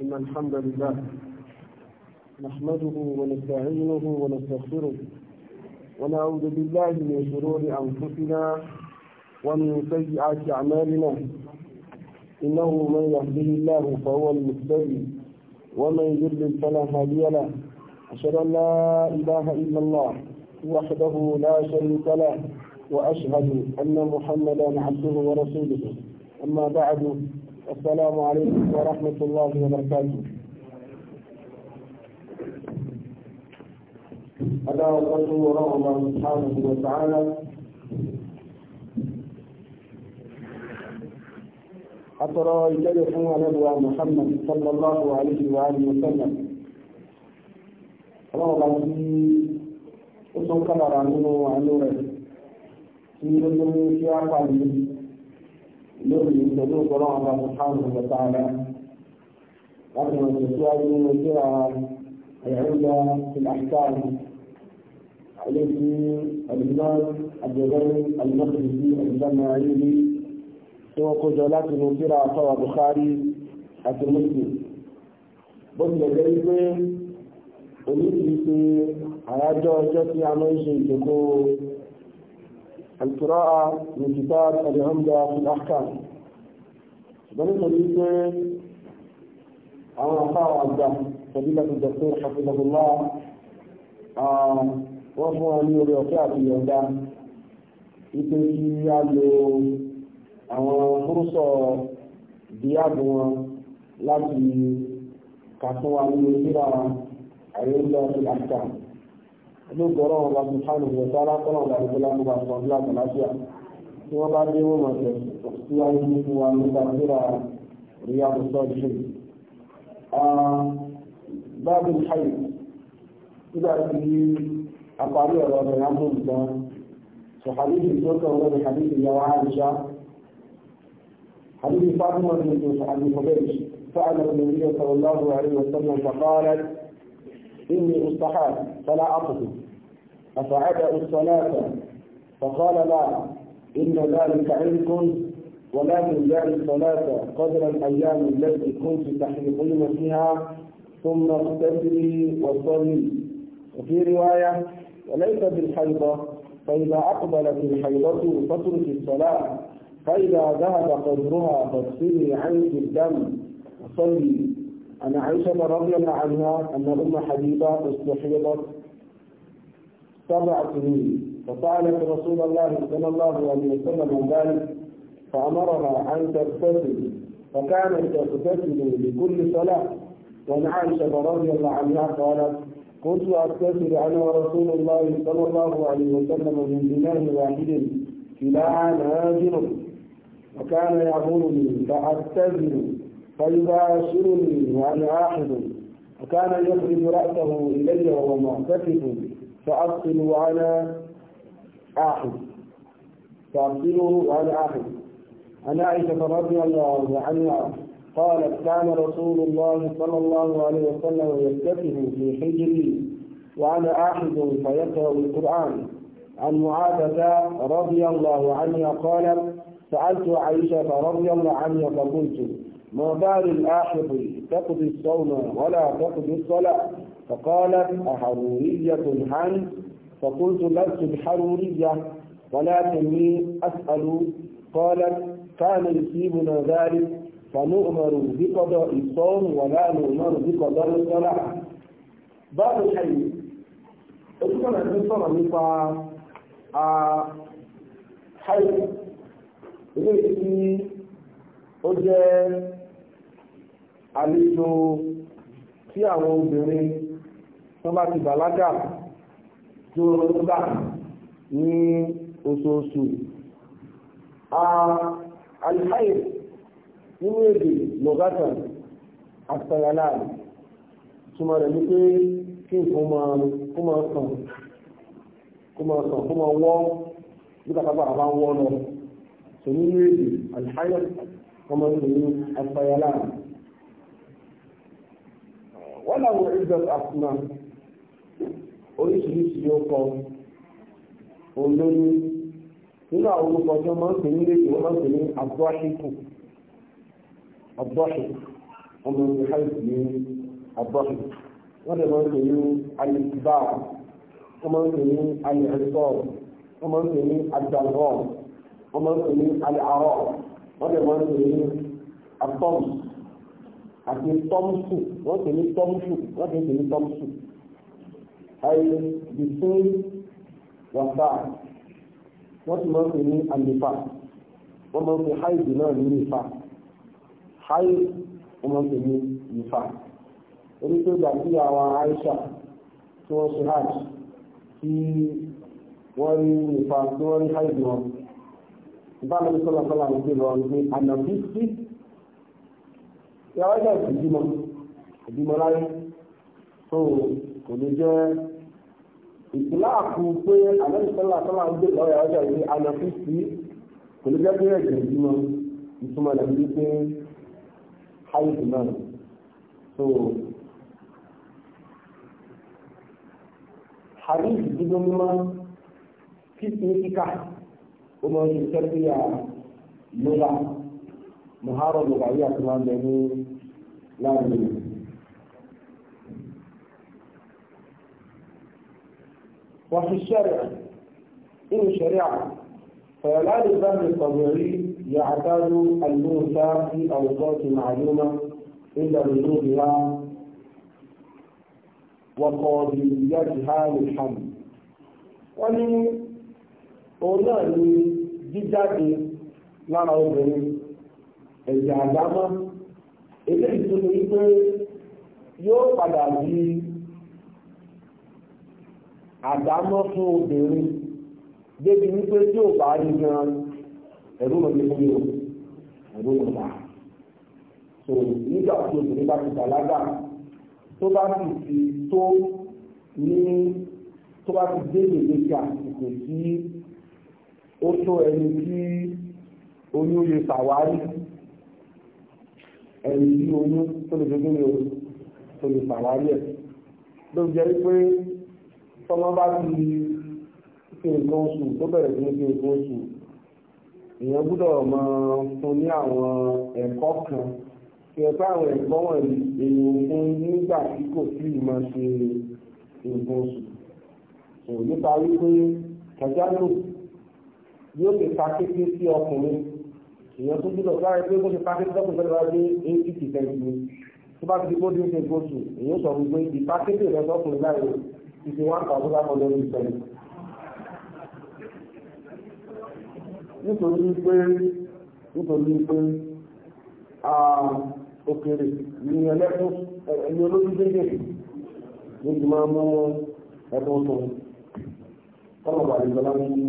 إن الحمد لله نحمده ونستعينه ونستغفره ونعوذ بالله من شرور أنفسنا ومن سيئات أعمالنا إنه من يهده الله فهو المهتدي ومن يضلل فلا هادي له أشهد أن لا إله إلا الله وحده لا شريك له وأشهد أن محمدا عبده ورسوله أما بعد السلام عليكم ورحمة الله وبركاته ألا وقدر وراء الله سبحانه وتعالى أترى يجلسون على محمد صلى الله عليه وآله وسلم ọlọ́run bá tí ó tún kábàrà nínú àánú rẹ̀ tí ó ló ní kí á pàdé lórí ìṣẹ̀lú ọ̀pọ̀lọ́ àwọn ọmọkùnrin ọ̀pọ̀ta rẹ̀ láti rìn tẹ̀síwájú nínú iṣẹ́ àwọn ẹ̀yàrúgba ìlàkítàrí àlejò àdìgbọ́n àjọ̀gbọ́n àlùmọ́kùnrin àdìgbọ́n náà rí rí tí wọ́n kójọ láti rìn síra àtọ́wà Bukhari àti Muslim bó tilẹ̀ jẹ́ wípé òní kìí ṣe àyájọ́ ọjọ́ tí a من كتاب العمدة الأحكام ṣùgbọ́n nítorí pé àwọn afáwọn àgbà tẹ̀lé láti jẹ pé ṣàfihànlá wọ́n fún wọn ní orí ọ̀fẹ́ àti ìyọ̀ǹda wípé kí á lo àwọn fúrúsọ̀ díàbù wọn láti kàtún wa ní ìlera àríwá àti àṣà. Ilé ìgbọ́rọ̀ wọn bá ti fáwọn ìwọ̀n sára kọ́nà ọ̀gá ìgbọ́lá tó bá sọ ọ́ tí wọ́n bá dé wọ́n mọ̀ ẹ̀ tí wọ́n ń fún wa nípa síra Riyadus Salihin. báàbù ṣáì nígbà tí àparí ọ̀rọ̀ ọ̀rọ̀ yà mú nǹkan sọ̀hálìsì tó kàn wọ́n ní hàlìsì yà wá àìṣá hàlìsì fátímọ̀ ní tó sọ̀hálì fọ́bẹ̀rì فأنا النبي صلى الله عليه وسلم فقالت إني أستحاب فلا أقصد أفعدأ الصلاة فقال لا إن ذلك علم ولكن ذلك الصلاة قدر الأيام التي كنت تحرقين فيها ثم اغتسلي وصلي وفي رواية وليس بالحيضة فإذا أقبلت الحيضة فترك الصلاة فإذا ذهب قدرها فاغسلي عنك الدم وصلي أنا عائشة رضي الله عنها أن أم حبيبة استحيضت سبع سنين فسألت رسول الله صلى الله عليه وسلم عن ذلك فأمرها أن تغتسل فكانت تغتسل لكل صلاة وعن عائشة رضي الله عنها قالت كنت أغتسل أنا ورسول الله صلى الله عليه وسلم من بناء واحد كلاها ناجر وكان يعبرني فأغتسل فيباشرني وأنا أحد وكان يخرج رأسه إلي وهو معتكف فأغسل وأنا آخر فأرسله وأنا آخر أنا عائشة رضي الله عنها قالت كان رسول الله صلى الله عليه وسلم يتكئ في حجري وأنا آخذ فيقرأ القرآن عن معاذة رضي الله عنها قالت سألت عائشة رضي الله عنها فقلت ما بال الآحض تقضي الصوم ولا تقضي الصلاة فقالت أحرورية عن فقلت لست بحرورية ولكني أسأل قالت كان يصيبنا ذلك فنؤمر بقضاء الصوم ولا نؤمر بقضاء الصلاة بعض الحديث أذكر أن صلى نقع حي ريسي أجل àlejò tí àwọn obìnrin tó bá tí wọ́n gbà ní oṣooṣù. alhair nínú èdè lọ́gàtà àtàyàlá túmọ̀ rẹ̀ ní pé kí nǹkan máa kó máa sàn kó máa sàn kó máa wọ́ nígbà tábà bá ń wọ́ lọ. sọ nínú èdè alhair ọmọ ìlú àtàyàlá wọ́n làwọn ìjọ oríṣiríṣi orúkọ olóyún nínú àwọn orúkọ tí wọ́n máa ń pè ní léde wọ́n máa ń pè ní abúráṣíkù abúráṣíkù ọmọ ìlú haiti ní abúráṣíkù wọ́n dẹ̀ máa ń pè ní alìsíbá wọ́n máa ń pè ní alìhẹ́sọ́ wọ́n máa ń pè ní àdàlọ́ wọ́n máa ń pè ní alìhárọ́ wọ́n dẹ̀ máa ń pè ní atọ́mù àti tọ́mùsù wọ́n pè ní tọ́mùsù wọ́n pè ní tọ́mùsù ayé bìfún wàfà wọ́n ti máa ń pè ní àlèfà wọ́n máa ń pè háìdì náà ní ìfà háì wọ́n máa ń pè ní ìfà orí tó gbà sí àwọn Aisha tí wọ́n ṣe hajj tí wọ́n rí ìfà tí wọ́n rí háìdì wọn ìbámu ní ìtìláàfù pé àlẹ́sọ́lá sọ́lá ń bèèrè lọ́wọ́ ọjọ́ ìwé àlọ́fí sí kò lè jẹ́ pé ẹ̀jẹ̀ ìdúmọ̀ ìtumọ̀ rẹ̀ pé háìdì náà so hadith dúdú mímọ́ kíkì ní kíkà ó máa ń ṣe sẹ́kìyà lọ́la mọ̀hárọ̀ lọ́gàrí àti máa ní láàrin ìlú وفي الشرع إن الشريعة فلا للذنب الطبيعي يعتاد الموسى في أوقات معلومة عند وجودها وقابليتها للحمل wọ́n ní òun náà ni jíjáde lára obìnrin ẹ̀jẹ̀ àdámọ́ eléyìí tó ní pé yóò padà di àdámọ́ fún obìnrin débi wípé tí ò bá rí gan ẹ̀rú ọ̀dẹ́ fún yóò ẹ̀rú ọ̀dà so nígbà tí obìnrin bá ti bàlágà tó bá sì ti tó ní tó bá ti dé ìgbésí àsìkò tí ó tó ẹni tí oyún lè ṣàwárí ẹni tí oyún tó lè gbégbé ní o tó lè ṣàwárí ẹ̀ ló pé tọ́mọ bá ti ṣe nǹkan oṣù tó bẹ̀rẹ̀ sí ṣe nǹkan oṣù èèyàn gbọ́dọ̀ máa fún ní àwọn ẹ̀kọ́ kan kí ẹ àwọn ẹ̀kọ́ wọ̀nyí èèyàn fún nígbà tí kò sí ìmọ̀ ṣe nǹkan oṣù kò nípa wípé kẹjálò yóò lè ta kékeré sí ọkùnrin èèyàn tó gbọ́dọ̀ sáré pé bó ṣe ta kékeré sọ́kùnrin fẹ́ẹ́ wáyé eighty percent ni tó bá ti di bó dín ṣe nǹkan èèyàn sọ fún pé ìta rẹ sọ́kùnrin láì is the one thousand five hundred and seven. nítorí pé nítorí pé òkèrè ní ẹlẹ́kùn ẹni olóyún déédéé ló ti máa mú ẹ̀bùn tó tọ́lọ̀ bàdé lọ́la ní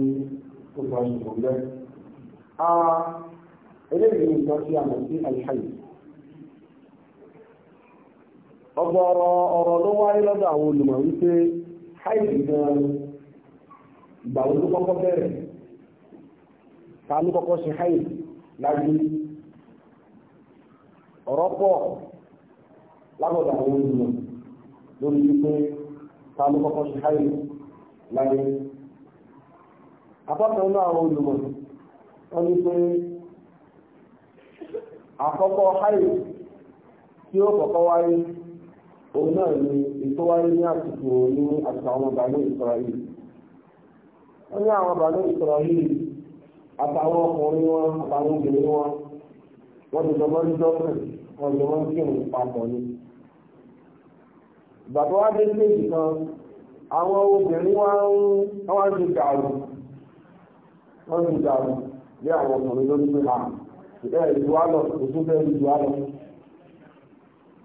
oṣù àṣùkò bẹ́ẹ̀. eléyìí nǹkan tí a mọ̀ sí àìsàn yìí ọgbọ̀rọ̀ ọ̀rọ̀ ló wáyé lọ́dọ̀ àwọn olùmọ̀ wípé háìsì gan ìgbà wo ló kọ́kọ́ bẹ̀rẹ̀ ta ló kọ́kọ́ ṣe háìsì lájú ọ̀rọ̀ pọ̀ lábọ̀dọ̀ àwọn olùmọ̀ lórí wípé ta ló kọ́kọ́ ṣe háìsì lájú apákan náà àwọn olùmọ̀ wọ́n ní pé àkọ́kọ́ háìsì tí ó kọ́kọ́ wáyé òun náà ni ìtọ́wáyé ní àsìkò ní àtàwọn bàánú Ísírẹ́lì wọ́n ní àwọn bàánú Ísírẹ́lì àtàwọn ọkùnrin wọn àtàwọn obìnrin wọn wọ́n ti jọmọ́ ní dọ́kítà wọ́n ti jọmọ́ ní kírun papọ̀ ni. bàbá wa dé séèjì kan àwọn obìnrin wa ń wọ́n ti dàrú wọ́n ti dàrú bí àwọn ọkùnrin ló ń gbé ha ìdá ìlú wa lọ òtún fẹ́ẹ́ ìlú wa lọ.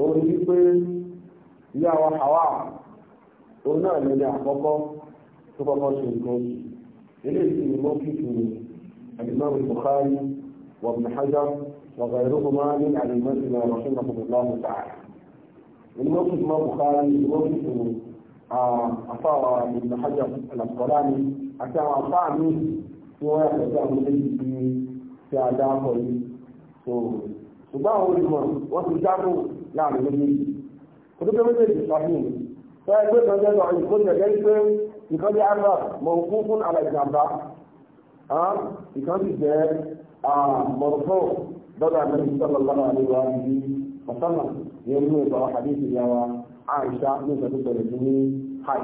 òun ní pé ìyá wa Hawa òun náà lè ní àkọ́kọ́ tó kọ́kọ́ ṣe nǹkan oṣù eléyìí ni wọ́n fi fi Al-Imam Bukhari wa Ibn Hajar wa ghayruhuma ní àlùmọ́sí náà rọ̀ṣẹ́ náà fún ìlànà tààrà ni wọ́n fi mọ́ Bukhari ni wọ́n fi fi àfáwà Ibn Hajar al-Asqalani àti àwọn àfáà mi tí wọ́n yàtọ̀ sí àwọn méjì tí a dá kọ yìí ṣùgbọ́n àwọn olùmọ̀ wọ́n ti dáàbò láàrin méjèèjì kótópé méjèèjì ṣàfihàn fẹ́ẹ́ gbé kan jẹ́ lọ́rùn kó jẹ́ jẹ́ pé nǹkan bí àgbà mọ̀ọ́kún fún àlà ìjàmbá nǹkan sì jẹ́ mọ̀ọ́kún lọ́dọ̀ àmì sọ́lọ́ lọ́dọ̀ àmì wa ní ọ̀sánà yẹn nínú ìgbà wa àdé ìṣèlú wa àìṣá ní ìgbà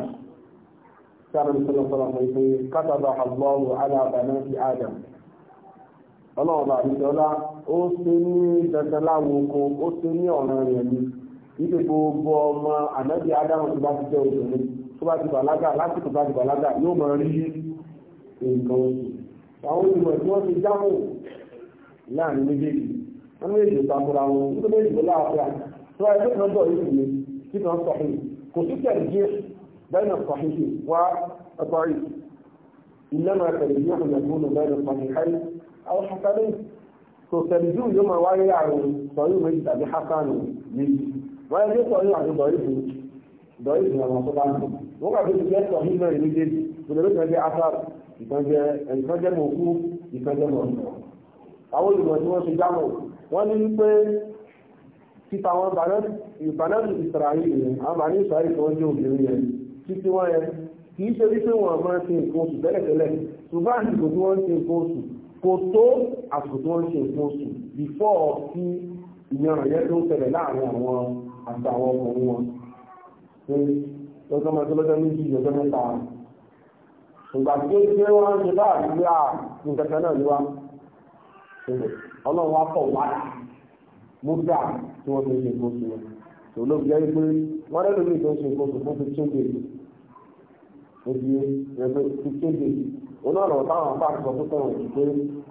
ọlọ́ọ̀bà àbíṣọlá ó ṣe ní dandan láwọn oko ó ṣe ní ọ̀ràn rẹ̀ ni wípé gbogbo ọmọ ànábì ádámù tó bá ti jẹ́ obìnrin tó bá ti bàlágà lásìkò bá ti bàlágà yóò máa rí nǹkan oṣù àwọn olùmọ̀ tí wọ́n ti jámù láàrin méjèèjì wọ́n méjèèjì takura wọn nígbà méjèèjì ló láàfíà tó ẹgbẹ́ kan bọ̀ yìí ni kí kan sọ pé kò sí kẹ̀lé díẹ̀ bẹ́ẹ̀ náà sọ pé wá ẹ̀kọ́ rí ìlànà kẹ̀lé díẹ̀ kò yẹ kó lò bẹ́ẹ̀ náà sọ àwọn ṣàkàdé tó tẹ̀lẹ̀jú yóò máa wáyé àrùn sọ̀rí méjì tàbí hasanu méjì wọ́n yẹ sọ̀rí àti dọ̀rí fún dọ̀rí fún àwọn tó bá ń bọ̀ wọ́n kà tó ti jẹ́ sọ̀rí mẹ́rin méjèèjì òdòdó kan jẹ́ asar ìkan jẹ́ mọ̀kú ìkan jẹ́ mọ̀kú àwọn olùmọ̀ tí wọ́n ṣe jámọ̀ wọ́n ní pé títa wọn ìbánẹ́lì ìsirayí yẹn àwọn bàní ìsirayí tó ń jẹ́ obìnrin yẹn títí kò tó àsìkò ń ṣe nǹkan oṣù bífọ́ kí ìyanràn yẹn tó ń ṣẹlẹ̀ láàrin àwọn àtàwọn ọkùnrin wọn pé lọ́jọ́ mẹ́ta lọ́jọ́ méjì lọ́jọ́ mẹ́ta ìgbà tí ó gbé wọn ń ṣe láàrin bí a nǹkan kan náà ni wá ọlọ́run wá pọ̀ wá múdà tí wọ́n fi ń ṣe nǹkan oṣù wọn tòun ló fi jẹ́ pé wọ́n rẹ́ lómi tó ń ṣe nǹkan oṣù fún fifteen days ebi ẹgbẹ́ ti kéde wọn náà lọ́wọ́ táwọn afá àti ọ̀tún sọ̀rọ̀ sí pé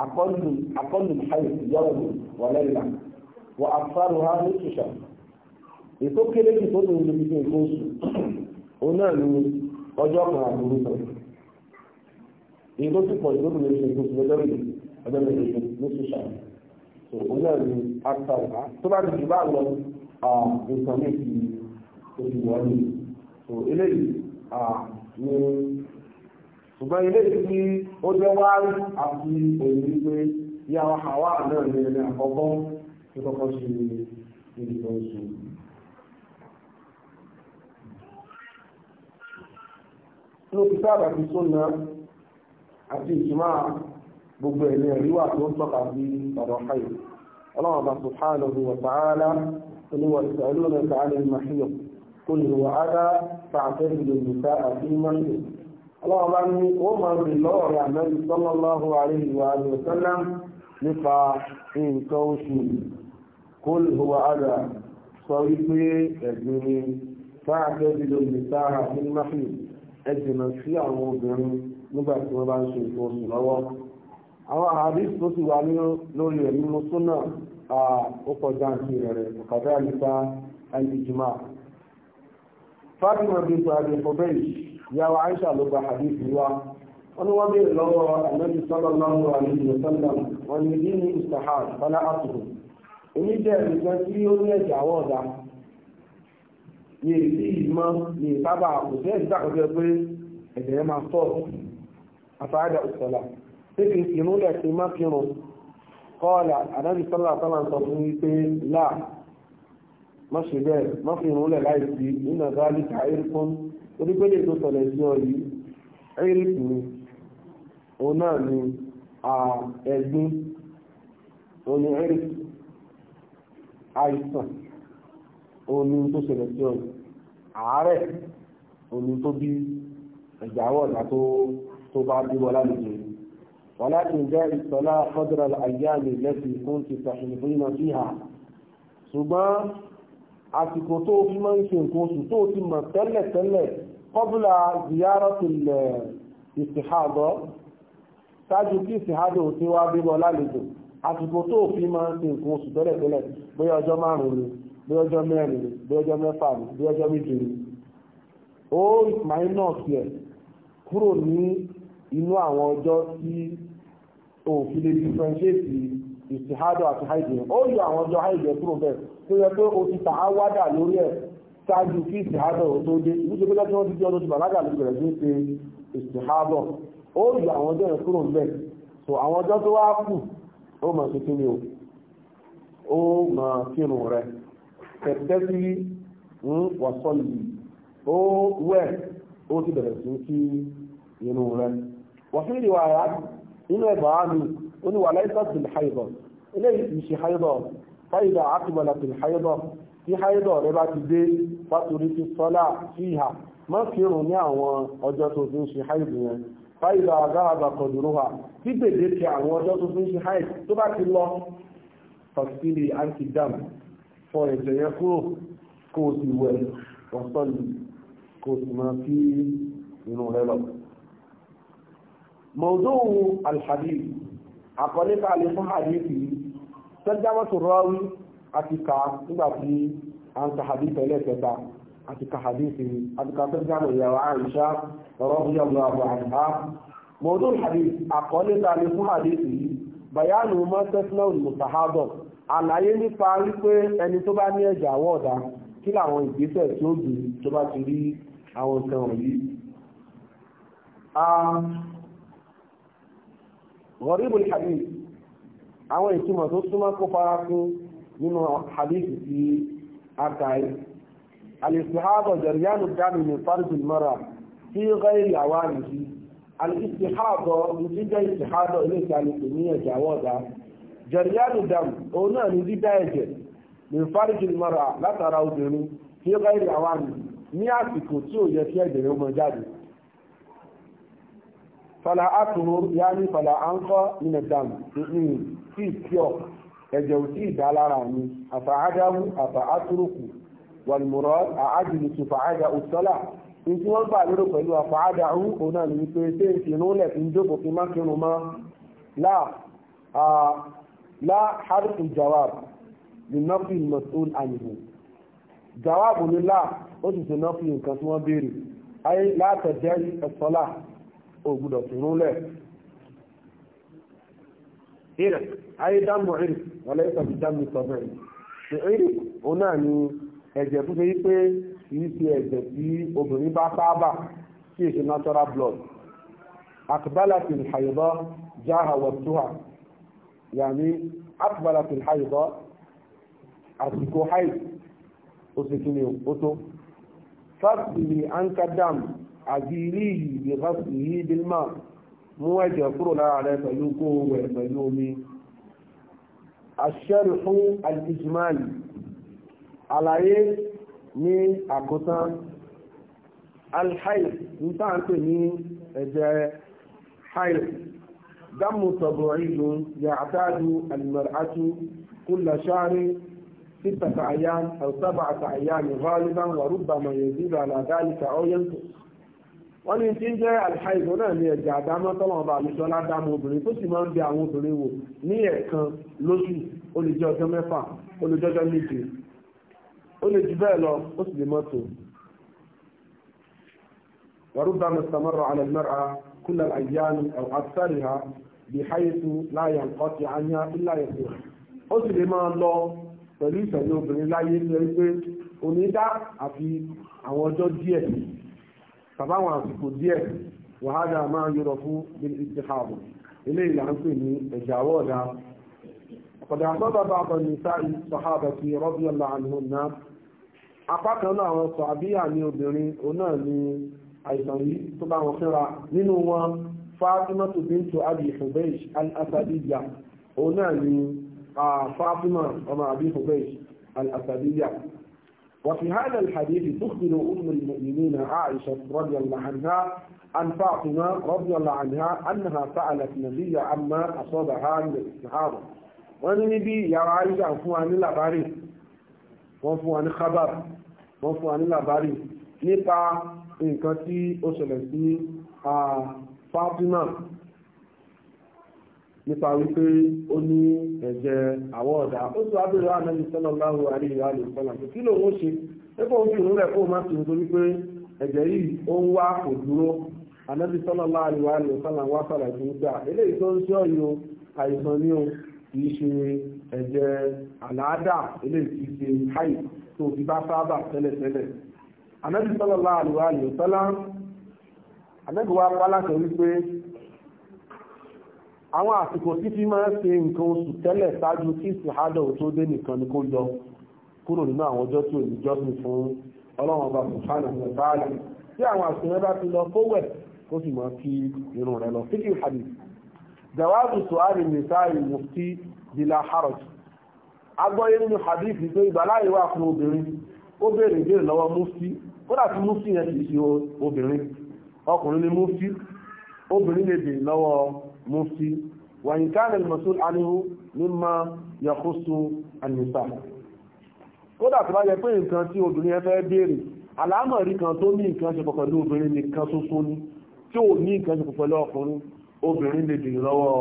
akọ́lù akọ́lù ayé ìyáwó mi wà lẹ́yìnlá wọ afárò ha ní ṣùṣà ètò kéré jù tó ní ìlú ibi nǹkan oṣù òun náà ní ọjọ́ kan àti orúkọ èyí tó ti pọ̀ jù lóbi lóbi nǹkan oṣù lọ́jọ́ méjì ọjọ́ méjì ní ṣùṣà òun náà ní ha tó bá ti bá lọ nǹkan méjì oṣù wọ́n ní eléyìí ní ṣùgbọ́n ilé tí ó jẹ́ wárí àti òní pé yá àwa náà ní ẹni àkọ́kọ́ kọ́kọ́ ṣe tó ń ṣe. ti àti gbogbo ẹ̀mí tó ń tọ́ka sí Ọlọ́run oníwọ̀n ìmọ̀ ṣíyọ̀. قل هو أذى فاعتزلوا النساء في المنزل ọlọ́run bá ní ó máa bè lọ́wọ́ rẹ̀ ànábì sallallahu alayhi wa sallam nípa nǹkan oṣù kul huwa adha sọ wípé ẹ̀gbìn ni fáàkẹ́ dídò nìsára ní máfì ẹ̀jìnà sí àwọn àdìs tó wà ní lórí ẹ̀mí ó kọjá nípa fatima bíi sọ̀rọ̀ ìfọ̀bẹ́yì ìyàwó aisha wa wọ́n ní wọ́n béèrè wa sallam wọ́n ní bí ní istahad fana atuhu èmi jẹ́ nǹkan tí ó sii ẹ̀jẹ̀ àwọ̀ ọ̀dà ní èsì ìmọ̀ ní ìsábà kò sí ẹ̀jẹ̀ àkọsílẹ̀ pé ẹ̀jẹ̀ yẹn máa tọ̀ àfáàdà ìsọ̀lá pé kì í kìrún lẹ̀ sí má ṣe bẹ́ẹ̀ má fi irun lẹ̀ láì sí nínú ọ̀gá alíkà erikun onígbélé tó sọ̀lẹ̀ sí ọ yìí erikun òun náà ni ẹ̀gbin òun ni erik àìsàn òun ni tó ṣẹlẹ̀ sí ọ yìí àárẹ̀ òun ni tó bí ẹ̀jáwọ̀ ọ̀dà tó bá dúró lálejò yìí. ولكن جاء الصلاة قدر الأيام التي كنت تحلفين فيها ṣùgbọ́n àsìkò tó fi máa ń ṣe nǹkan oṣù tó ti mọ̀ tẹ́lẹ̀ tẹ́lẹ̀ kọ́bùlà ziyaratul eh, istihada ṣáájú kí istihada tí wá bíbọ lálejò àsìkò tó fi máa ń ṣe nǹkan oṣù tẹ́lẹ̀ tẹ́lẹ̀ bóyá ọjọ́ márùn-ún ni bóyá ọjọ́ mẹ́rin ni bóyá ọjọ́ mẹ́fà ni bóyá ọjọ́ ìtìhádọ̀ àti haidi ó yọ àwọn ọjọ́ haidi kúrò bẹ́ẹ̀ tó yẹ pé o ti tà á lórí ẹ̀ ṣáájú kí ìtìhádọ̀ ò tó dé níṣẹ́ tí wọ́n ti di ọdún ti bàlágà ló bẹ̀rẹ̀ sí ṣe ìtìhádọ̀ ó yọ àwọn ọjọ́ yẹn kúrò bẹ́ẹ̀ so àwọn ọjọ́ tó wá kù ó mọ̀ sí kí ni o ó mọ̀ rẹ̀ ó wẹ̀ ó ti bẹ̀rẹ̀ sí kí rẹ̀ nínú ẹgbà mi ó ní wàhálà ìsà tìlì haidọ̀ eléyìí kì í ṣe haidọ̀ fáyidà àtìmọ̀lá tìlì haidọ̀ tí haidọ̀ rẹ bá ti dé fàtòrí ti sọ́lá sí ìhà má kírun ní àwọn ọjọ́ tó fi ń ṣe haidọ̀ yẹn fáyidà àgáàbà kọ̀dùrúhà tí gbèdéke àwọn ọjọ́ tó fi ń ṣe haidọ̀ tó bá ti lọ fàṣílì antidam fọ ẹ̀jẹ̀ yẹn kúrò kó o sì wẹ̀ wọ́n sọ́ọ̀lì kó o sì máa fi irun rẹ lọ. موضوع الحديث àkọlé ká lè fún hadithi tẹ́jámọ́tò rọ́wí àti ká nígbà tí a ń ka hadithi ẹlẹ́kẹta àti ka hadithi àti ká tẹ́jámọ́ ìyàwó àìṣá rọ́wí ọ̀gbọ̀n àbọ̀ àìṣá mọ̀ọ́dọ́ hadith àkọlé ká lè fún hadithi bayanu mọ́tẹ́sínà olùmùsàhádọ̀ àlàyé nípa wípé ẹni tó bá ní ẹ̀jẹ̀ àwọ̀ ọ̀dà kí làwọn ìgbésẹ̀ tí ó gbé tó bá ti rí àwọn nǹkan wọ̀nyí gharibul hadith àwọn ìtumọ̀ tó súnmọ́ kó fara fún nínú hadith tí a kàí al-istihada jariyanu dami min fardil mara fi ghairi awamihi al-istihada jíjẹ istihada ilé ìsàlùkù ní ẹ̀jẹ̀ àwọ̀dá jariyanu dami òun náà ní dídá ẹ̀jẹ̀ min fardil mara látara obìnrin fi ghairi awamihi ní àsìkò tí ò yẹ kí ẹ̀jẹ̀ rẹ̀ mọ jáde fàlà àtùhùr yá ní fàlà àǹkọ́ nìdàm ní tí pure ẹ̀jẹ̀ ò tí ìdá lára mi àfà ádámù àfà átúrùkù wàlùmùrọ̀ àájìlùtù fàájà òsọ́là ní tí wọ́n gbà lérò pẹ̀lú àfà ádámù òun náà ní wípé ṣé ìfìrúnlẹ̀ fi ń jókòó fi má kírun mọ́ láà لا حرف الجواب لنفي المسؤول عنه جواب لا ó sì ṣe náà fi nǹkan tí wọ́n béèrè ayé látẹ̀jẹ́ ìsọ́lá ògbúdọ̀ fi rúnlẹ̀ ìrẹ̀ ayé dámù ìrì wọlé ìtàbí dámù tọ́bẹ̀ ìrì òun náà ni ẹ̀jẹ̀ tó ṣe wípé kìí ṣe ẹ̀jẹ̀ tí obìnrin bá sáábà sí èṣe natural blood akbalati alhaidọ jaha wàtúhà yàní akbalati alhaidọ àsìkò haid ó sì kí ni ó tó fásitì ànkádàmù àbí ilé ìgbè fásitì yìí bílmà mú ẹ̀jẹ̀ kúrò lára rẹ̀ pẹ̀lú kó wẹ̀ pẹ̀lú omi aṣẹ́rìfún alìjìmáàlì àlàyé ní àkótán alhaid ní táàntè ní ẹ̀jẹ̀ haid dámù tọ̀bọ̀rìlù yàtàdù alìmọ̀ràtù kúlà ṣáàrí ستة أيام أو سبعة أيام غالبا وربما يزيد على ذلك أو ينقص wọ́n ní tí ń jẹ́ àìsàn náà ní ẹ̀jẹ̀ àdámọ́ tọ́lọ́wọ́n bá àlùsọ́lá dámọ́ obìnrin tó sì máa ń bẹ àwọn obìnrin wò ní ẹ̀ẹ̀kan lóṣù ó lè jẹ́ ọjọ́ mẹ́fà ó lè jọ́jọ́ méje ó lè jù bẹ́ẹ̀ lọ ó sì lè mọ́ wàrúbà mùsàmọ́rọ̀ àlẹ́mẹ́ra kúlẹ̀ àyánu àtàríhà bí háyétu láyà nǹkan ti ányá ńláyà tó. ó sì lè máa lọ pẹ̀lú ìṣẹ̀lẹ̀ obìnrin láyé ní ẹgbẹ́ onídá àfi àwọn ọjọ́ díẹ̀ tàbáwọn àsìkò díẹ̀ wàhálà máa yọrọ fún ìtìhàbù ilé ìlànà pè ní ẹ̀jà wọ́ọ̀dá ọ̀dà àtọ́dà bá ọkọ̀ ní sáà sọ̀hábà ti rọ́bì ọ̀là àlùhùn náà apá kan náà àwọn sọ àbíyà ní obìnrin òun náà ni àìsàn yìí tó bá wọn fẹ́ra nínú wọn Fatima tó bí ń tó àbí Hubaysh al-Asadiyya òun náà ni Fatima ọmọ àbí Hubaysh al-Asadiyya وفي هذا الحديث تخبر أم المؤمنين عائشة رضي الله عنها أن فاطمة رضي الله عنها أنها سألت النبي عما أصابها من الاستحاضة ونبي يا عائشة فوان الأباري وفوان خبر وفوان الأباري nípa nǹkan tí ó ṣẹlẹ̀ sí Fátímà nípa wípé ó ní ẹ̀jẹ̀ àwọ̀ ó kí ṣe rẹ̀ kó o má ti ń torí pé ẹ̀jẹ̀ yìí ó ń wá kò dúró ànábi sallallahu alaihi wa sallam wá sàlàyé fún gbà eléyìí tó ń ṣe ọ̀yọ́ àìsàn ní o kìí ṣe ẹ̀jẹ̀ àlàádà eléyìí ṣe háì tó fi bá sábà tẹ́lẹ̀tẹ́lẹ̀ àwọn àsìkò tí fi máa ń ṣe nǹkan oṣù tẹ́lẹ̀ ṣáájú kí ìsìnkádọ̀ tó dé nìkan ni kó yọ kúrò nínú àwọn ọjọ́ tí òní jọ́sìn fún ọlọ́run ọba subhanahu wa ta'ala tí àwọn àsìkò bá ti lọ kó wẹ̀ kó sì máa fi irun rẹ̀ lọ fíkì hadith jawabu su'ali nisa'i mufti bila haraj agbọ́yé nínú hadith pé ìgbàláyé wà fún obìnrin ó béèrè ìbéèrè lọ́wọ́ mufti ó dàtí mufti yẹn ti ṣe obìnrin ọkùnrin ni mufti obìnrin lè béèrè lọ́wọ́ mufti wàyí káàlẹ̀ mọ̀sùn aníhù mímọ́ yàkóso àníṣà kódà tó bá yẹ pé nǹkan tí obìnrin yẹn fẹ́ béèrè àlámọ̀rí kan tó ní nǹkan ṣe pẹ̀lú obìnrin nìkan ṣoṣo ni tí ò ní nǹkan ṣe pẹ̀lú ọkùnrin obìnrin lè dìrì lọ́wọ́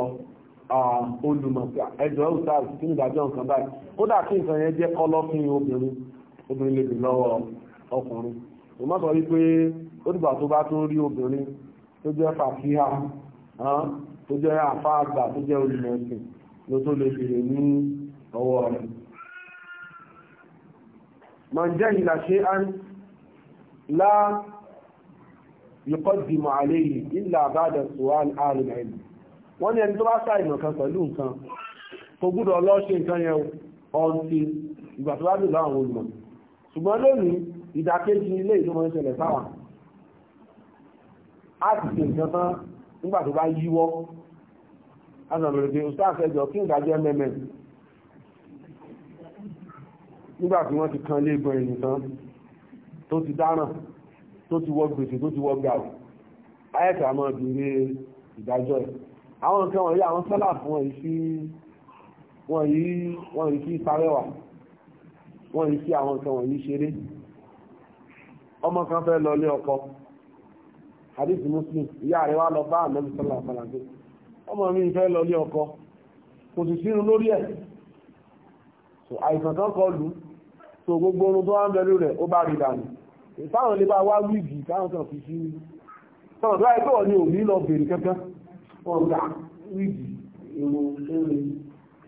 olùmọ̀pá ẹjọ́ ìsáàlù kí ní ìdájọ́ nǹkan báyìí kódà kí nǹkan yẹn jẹ́ kọ́lọ́fín obìnrin obìnrin lè dìrì lọ́wọ́ ọkùnrin mo má sọ wípé ó dìgbà tó bá tó rí obìnrin tó jẹ́ fàfíhà tó jẹ́ àfá àgbà tó jẹ́ olùmọ̀ ẹ̀sìn ló tó lè bèèrè ní ọwọ́ rẹ̀ ma ń jẹ́ ìlà ṣe án lá yíkọ́dìmọ̀ àléyìí ìlà àbádà sùwán àrùn ẹ̀lì wọ́n ní ẹni tó bá ṣàìmọ̀ kan pẹ̀lú nǹkan tó gbúdọ̀ lọ ṣùgbọ́n lónìí ilé ìlú mọ́ sáwà á ti ṣe nǹkan tán nígbà bá yíwọ́ azọ̀lọ̀lẹ̀dẹ̀ ìsáàfẹ́jọ kí ìdájọ́ mẹ́mẹ́ nígbàtí wọ́n ti kan lé gan ẹ̀yìn tán tó ti dáràn tó ti wọ gbèsè tó ti wọ gàù ayẹ́kà mọ́ bèèrè ìdájọ́ ẹ̀ àwọn nǹkan wọ̀nyí àwọn sọ́là fún wọ̀nyí sí wọ̀nyí wọ̀nyí sí sáréwà wọ̀nyí sí àwọn nǹkan wọ̀nyí ṣeré ọmọ kan fẹ́ lọ lé ọkọ hadith muslim ìyá rẹ̀ wá lọ bá àmọ́ sọ́là fàlàgbé ọmọ mi ìfẹ́ lọ lé ọkọ kò sì sínú lórí ẹ̀ àìsàn kan kọ lù so gbogbo orun tó wá ń bẹ̀rù rẹ̀ ó bá rí dànù ìtàwọn lè bá wá wíìgì táwọn kan fi sí sọ̀rọ̀ tó wáyé pé wọ́n ní òní lọ bèrè kankan wọ́n gbà wíìgì èrò lórí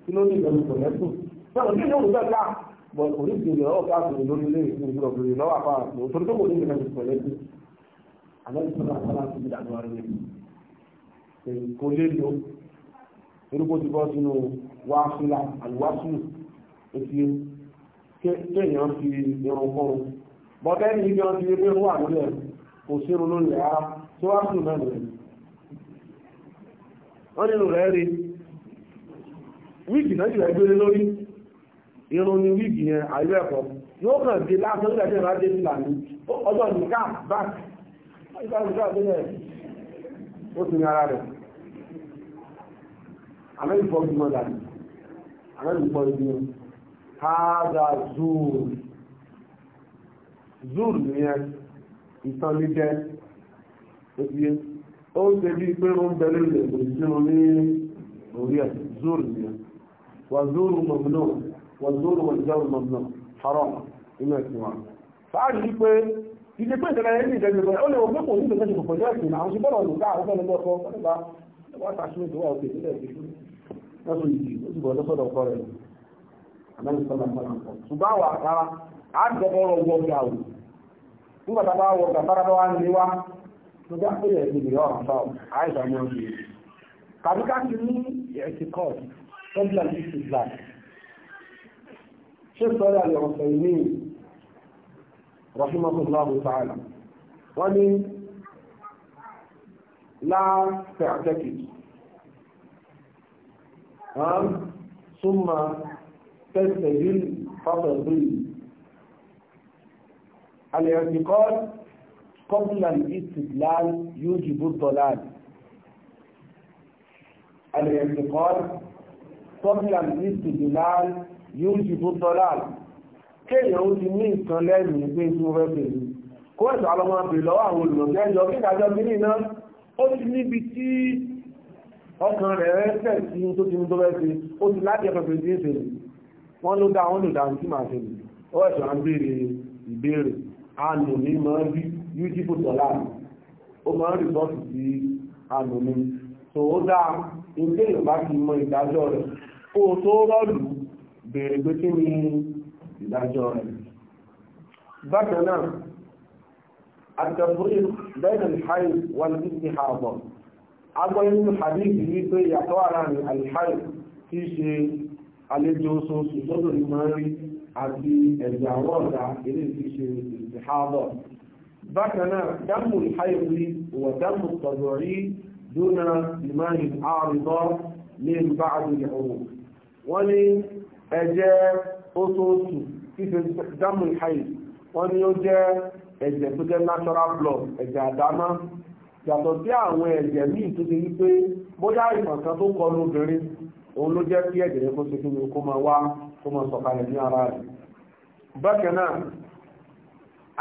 kí ló ní ìgbẹ̀rù pẹ̀lẹ́sùn sọ̀rọ̀ kí ló ń gbẹ̀ká bọ̀ kò ní ìgbèrè ọ̀rọ̀ káàkiri lórí ilé ìgbèrè lọ́wọ́ àpá àpò torí tó kò ní ìgbẹ̀rù pẹ̀lẹ́sùn àlẹ́ ìgbẹ̀rù kò lè lo orúkọ ti bọ́ sínú wáṣúlá àlùwáṣúlù etí kéèyàn fi irun kọrun bọ́tẹ́ ní ibi wọn ti rí pé wà nílẹ̀ kò sírun lórí ara tí wọ́n sùn náà rẹ̀ wọ́n nínú rẹ̀ rí wíìgì náà jùlọ gbélé lórí irun ni wíìgì yẹn àìlú ẹ̀kọ́ yóò kàn dé ní báàkì ó ti àmẹ́lì fọ́ bí mọ́dà ní àmẹ́lì fọ́ ibi ní haza zuur zuur ní ẹ ìtàn ní jẹ́ ebi ó ń ṣe bí pé ó ń bẹ lórí ẹ̀ kò sí mu ní orí ẹ̀ zuur ní ẹ wà zuur mọ̀mọ́nà wà zuur mọ̀mọ́nà haram inú ẹ̀sìn wa fáàrí wípé ìdí pé ìtẹ̀lẹ̀ ẹni ìdẹ́gbẹ̀rẹ̀ ó lè wọ́n gbẹ́kùn ní ìtẹ̀lẹ̀ ṣe kò pẹ̀lú ẹ̀sìn àwọn ṣe bọ́ọ̀lù ká àwọn fẹ́lẹ̀ lọ́kọ́ wọ́n bá wọ́n tàṣí lọ́sùn ìdí ó sì bọ̀ lọ́sọ̀dọ̀ ọkọ rẹ̀ àmẹ́rin sọ́nà sọ́nà pọ̀ ṣùgbọ́n àwọn àkàrà á dọ̀bọ̀ rọ̀ wọ gà o nígbà tá a bá wọ gà tára bá wà ní wa tó dá pé ẹ̀sìn ìlú ọ̀rọ̀ sọ àìsàn mọ́ sí i tàbí ká ثم تستجل فتضل الاعتقاد قبل الاستدلال يوجب الضلال الاعتقاد قبل الاستدلال يوجب الضلال kéèyàn ó ti ní ìtàn lẹ́nu pé tí wọ́n fẹ́ pẹ̀lú kó ẹ̀sà lọ́mọ bèèrè lọ́wọ́ àwọn olùrànlẹ́jọ́ kí ìdájọ́ bí nínú ó ti níbi tí ọkàn rẹ̀ rẹ́sẹ̀ sí tó ti ní tó rẹ́sẹ̀ ó ti láti ẹ̀fẹ́ pé díẹ̀ sẹ́lẹ̀ wọ́n ló dá wọn lò dáhùn tí màá sẹ́lẹ̀ ó ẹ̀sọ̀ à ń béèrè ìbéèrè àánú ní máa ń rí yújífò tọ́lá ó máa ń rí bọ́ọ̀sì sí àánú ní tó ó dá ilé ìbá ti mọ ìdájọ́ rẹ̀ kó o tó rọ́ọ̀lù béèrè pé kí ni ìdájọ́ rẹ̀ bákan náà àtẹ̀fúrí bẹ́ẹ̀ agbọ́ inú hadithi wípé yàtọ̀ ara ní alhari tí ṣe àlejò oṣooṣù lọ́dọ̀ ní máa rí àti ẹ̀jẹ̀ àwọn ọ̀dà eré tí ṣe ìsìnkáàbọ̀ bákan náà dámù ìháìrí wà dámù tọ̀dọ̀rí dúnà ìmáyì àrùbọ́ ní natural blood ẹ̀jẹ̀ yàtọ̀ sí àwọn ẹ̀jẹ̀ míì tó ti wípé bóyá ìfọ̀nkan tó kọlu obìnrin òun ló jẹ́ kí ẹ̀jẹ̀ rẹ̀ kó ṣe kí ni kó máa wá kó máa sọ̀kalẹ̀ ní ara rẹ̀ bákan náà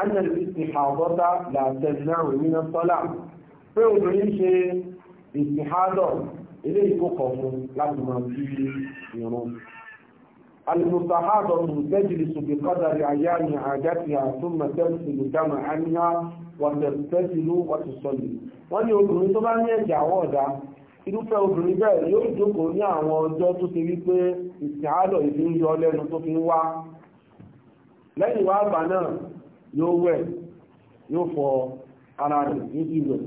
anel ìhàbọ́tà làtẹ̀lẹ́ náà المستحاضة تجلس بقدر أيام حاجتها ثم تغسل الدم عنها وتغتسل وتصلي wọ́n ní obìnrin tó bá ní ẹ̀jẹ̀ àwọ̀ ọ̀dá irúfẹ́ obìnrin bẹ́ẹ̀ yóò jókòó ní àwọn ọjọ́ tó ti rí pé ìsìnkálọ̀ ìdí ń yọ lẹ́nu tó fi ń wá lẹ́yìn wá àgbà náà yóò wẹ̀ yóò fọ ara rẹ̀ ní ìwẹ̀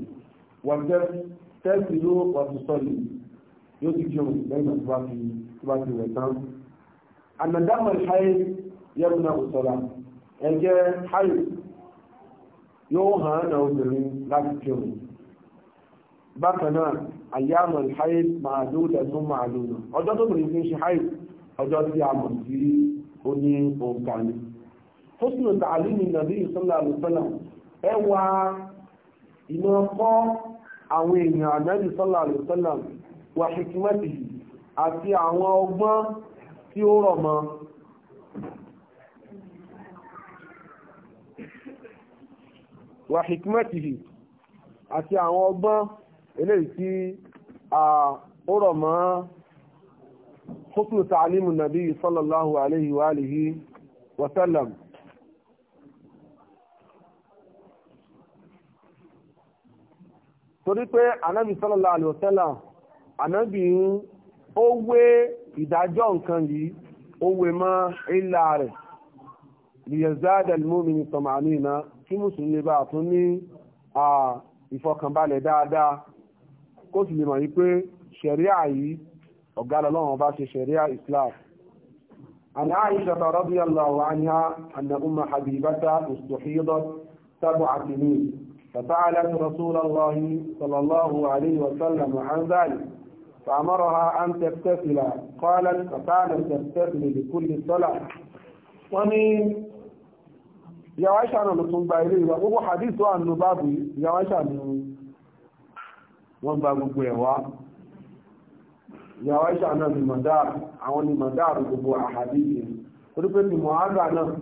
wọ́n tẹ́sí ló wọ́n ti sọ́lì yóò ti jẹun lẹ́yìn tó bá ti wẹ̀ tán ànàdámọ̀ ìháyé yẹ́mùnà òsọ̀lá ẹ̀jẹ̀ háyé yóò hàn án obìnrin láti fi òun bákan náà àyàmọ̀ ìháyé màálùdà tó màálùdà ọjọ́ tó bìnrin fi ń ṣe háyé ọjọ́ tí a mọ̀ sí ó ní òǹkà ni fósùnù tààlùmí nàbí ìsọ́lá àlùsọ́lá ẹ wá ìmọ̀ ọkọ́ àwọn èèyàn ànábì sọ́lá àlùsọ́lá wà hikimati àti àwọn ọgbọ́n tí ó rọ̀ mọ́ wà hikmetihi àti àwọn ọgbọ́n eléyìí tí ó rọ̀ mọ́ husnu ta'alimu nabi sallallahu alaihi wa torí pé sallallahu alaihi wa ń ó wé ìdájọ́ nǹkan yìí ó wé mọ́ ìlà rẹ̀ lìyẹ̀zádẹ̀ lómi ní tọ̀màní iná kí mùsùlùmí bá tún ní ìfọkànbalẹ̀ dáadáa kó sì lè mọ̀ yí pé ṣẹ̀ríà yìí ọ̀gá lọ́wọ́n bá ṣe ṣẹ̀ríà Islam عن عائشة رضي الله عنها أن أم حبيبة استحيضت سبع سنين فسألت رسول الله صلى الله عليه وسلم عن ذلك فأمرها أن تغتسل قالت فكانت تغتسل لكل صلاة ومن يا عائشة أنا لطن بايلي وقبو حديث عن نبابي يا عائشة أنا وانبابو بيوا يا عائشة أنا المدار أو المدار قبو أحاديث ولكن المعاذة أنا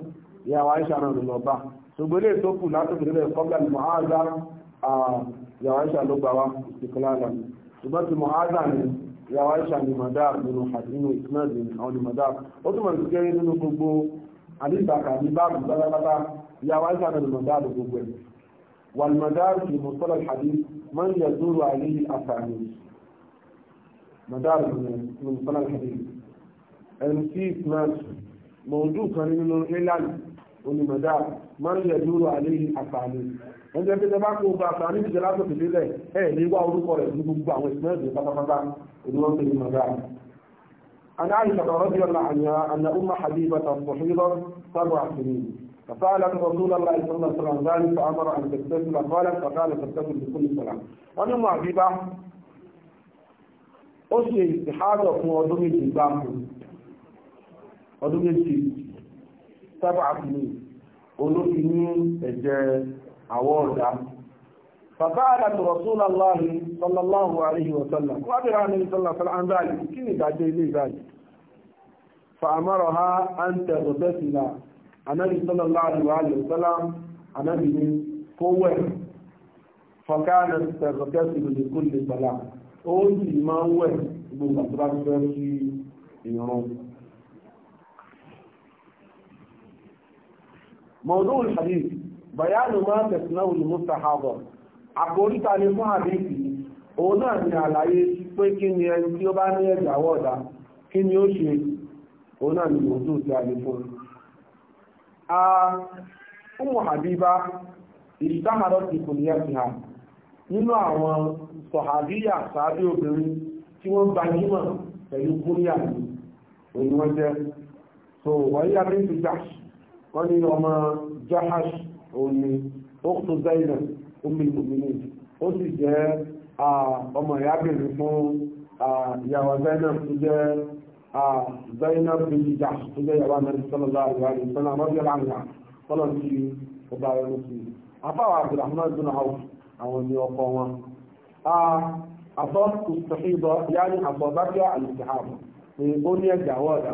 يا عائشة أنا لنبا سبلي لا تقريبا قبل المعاذة يا عائشة لبوا استقلالا ṣùgbọ́n ti mọ̀háza ni ìyàwó aisha ni madam nínú nínú ismail ni àwọn ni madam ó túnmọ̀ sí kéré nínú gbogbo àdìgbàkà ní báàbù pátápátá ìyàwó aisha ni madam gbogbo ẹ̀ والمدار في مصطلح الحديث من يدور عليه أسانيد مدار من مصطلح الحديث ẹni tí ismail mọ̀ọ́dún kan nínú ìlànà onímọ̀dá máa ń yẹ dúró alẹ́ àfààní wọ́n jẹ́ pé bá kó gba àfààní ìjẹ́ látòkè délẹ̀ ẹ̀ ní wá orúkọ rẹ̀ ní gbogbo àwọn ìpínlẹ̀ èdè pátápátá oníwọ́n pè ní mọ̀dá. أنا عائشة رضي الله عنها أن أم حبيبة صحيرة سبع سنين فسألت رسول الله صلى الله عليه وسلم ذلك فأمر أن تغتسل قالت فقال تغتسل بكل صلاة. وأنا أم حبيبة ó ṣe ìsìnkádọ̀ fún ọdún sábà ní olóbi ní ẹ̀jẹ̀ àwọ̀ ọ̀dá fàbáàdà tó rọ̀súlà láàrin sallallahu alayhi wa sallam wọ́n bèèrè àwọn ẹni sallallahu alayhi wa sallam kí ni ìdájọ́ ilé ìdájọ́ fàmọ́rọ̀ ha ń tẹ̀rọ̀ bẹ́sìlá anábi sallallahu alayhi wa sallam anábi ní kówẹ̀ fọ̀kánà máa ń wẹ̀ gbogbo àtúrà fẹ́ sí ìrún موضوع الحديث بيان ما تسنو المستحاضة àkórí ta ni fún àdéhìí òun náà ni àlàyé pé kí ni ẹni tí ó bá ní ẹ̀jẹ̀ àwọ̀dá kí ni ó ṣe òun náà ni mòótù tí a lè fún a Ummu Habiba ìṣtáhàrọ̀ ti kò ní ẹ̀sìn ha nínú àwọn sọ̀hàbíyà sáábí obìnrin tí wọ́n gbajúmọ̀ pẹ̀lú kúríyà ni òun wọ́n jẹ́ so wọ́n yá bí ti jáṣì wọ́n ní ọmọ jahash òní okùn zainab omi umm ìmòmìnì ó sì jẹ́ ọmọ ìyábìnrin fún ìyàwó zainab tó jẹ́ zainab bin jahash tó jẹ́ ìyàwó amẹ́rin sọ́lọ́lá àríwá rẹ̀ sọ́lọ́ àmọ́bíọ́lá àmìlá sọ́lọ́ sí ọba rẹ̀ lọ́sí afáwà abdulrahman bin auf àwọn ní ọkọ wọn àtọ́ kùsùtàkì ìbọn yáni àbọ̀bákẹ́ àlùsàhàbọ̀ ó ní ẹgbẹ̀ àwọn ọ̀dà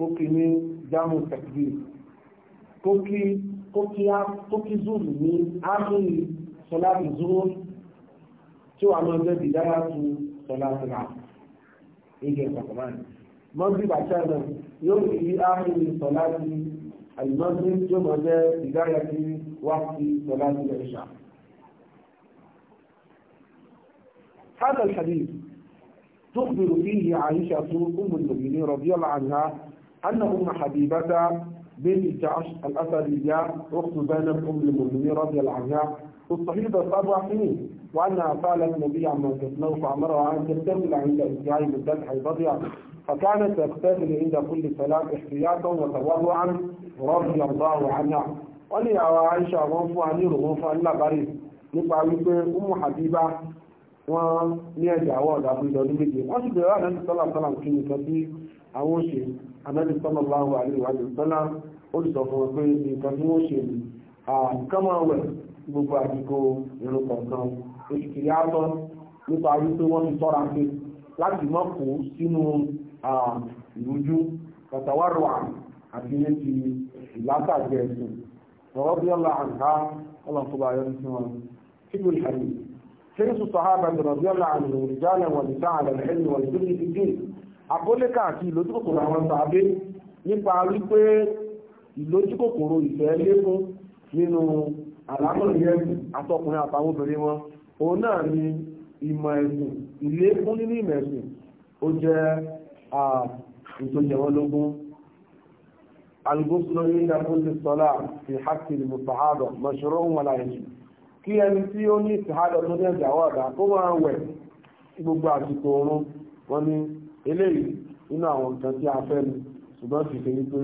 kó kí ní jámù tẹ̀kìdì kó kí kó kí zúùlù ní ámìlì sọláàtì zúùlù tí wàá máa bẹ́ẹ̀ bìdára tu sọláàtì rà ìjẹ ìpàkọ́mọ́ni mọ́bí bàtà náà yóò fi ámìlì sọláàtì àlùmọ́bí tí ó máa bẹ́ẹ̀ bìdára tu wá sí sọláàtì ìṣà. هذا الحديث تخبر فيه عائشة أم المؤمنين رضي الله عنها أن أم حبيبتا بنت عش الأسدية أخت زينب أم المؤمنين رضي الله عنها في الصحيح الطابع حين وأنها سألت النبي عما تتنوع فأمرها أن تستمر عند إدعاء مدتها البضيع فكانت تغتسل عند كل صلاة احتياطا وتواضعا رضي الله عنها ولي أو عائشة غنفو أني رغنفو إلا لا بريد نفعلك أم حبيبة وميا جعوة دابل دولي بجي وأنت بيوانا صلى الله عليه وسلم كنت أبي أوشي anábì sallallahu alaihi wa sallam ó ti sọ fún wọn pé nǹkan tí wọ́n ṣe ní àkámọ̀wẹ̀ gbogbo àdìgbò irun kọ̀ọ̀kan oṣù kìí àtọ́ nípa wípé wọ́n ti sọ́ra pé láti mọ́ kó sínú ìrújú pàtàwárò àti ní ti ìlàkàjẹ ẹ̀sìn ọ̀rọ̀ bí ọlá àǹká ọlọ́kọ̀ọ́bà yọrí sí wọn kíkùn ìhàlì حرص الصحابة رضي الله عنهم رجالا ونساء على العلم والبر في الدين àbólẹ́kà àti ìlójúkòkòrò àwọn tàbí nípa wípé ìlójúkòkòrò ìfẹ́ lékún nínú àlámọ̀rí ẹ̀sìn àtọkùnrin àtàwọn obìnrin wọn òun náà ni ìmọ̀ ẹ̀sìn ìlékún nínú ìmọ̀ ẹ̀sìn ó jẹ́ ìtòjẹ̀wọ́lógún alùgbòsùn lórí ìdàkúnlé sọ́lá fi hákìlì mùsàhádọ̀ mọ̀ṣọ́rọ̀ wọn láyé kí ẹni tí ó ní ìsìhádọ̀ tó dẹ̀ jàwọ́ àdá kó máa wẹ̀ gbogbo àsìkò oorun ni eléyìí inú àwọn nǹkan tí a fẹ́ ni ṣùgbọ́n ti fi wípé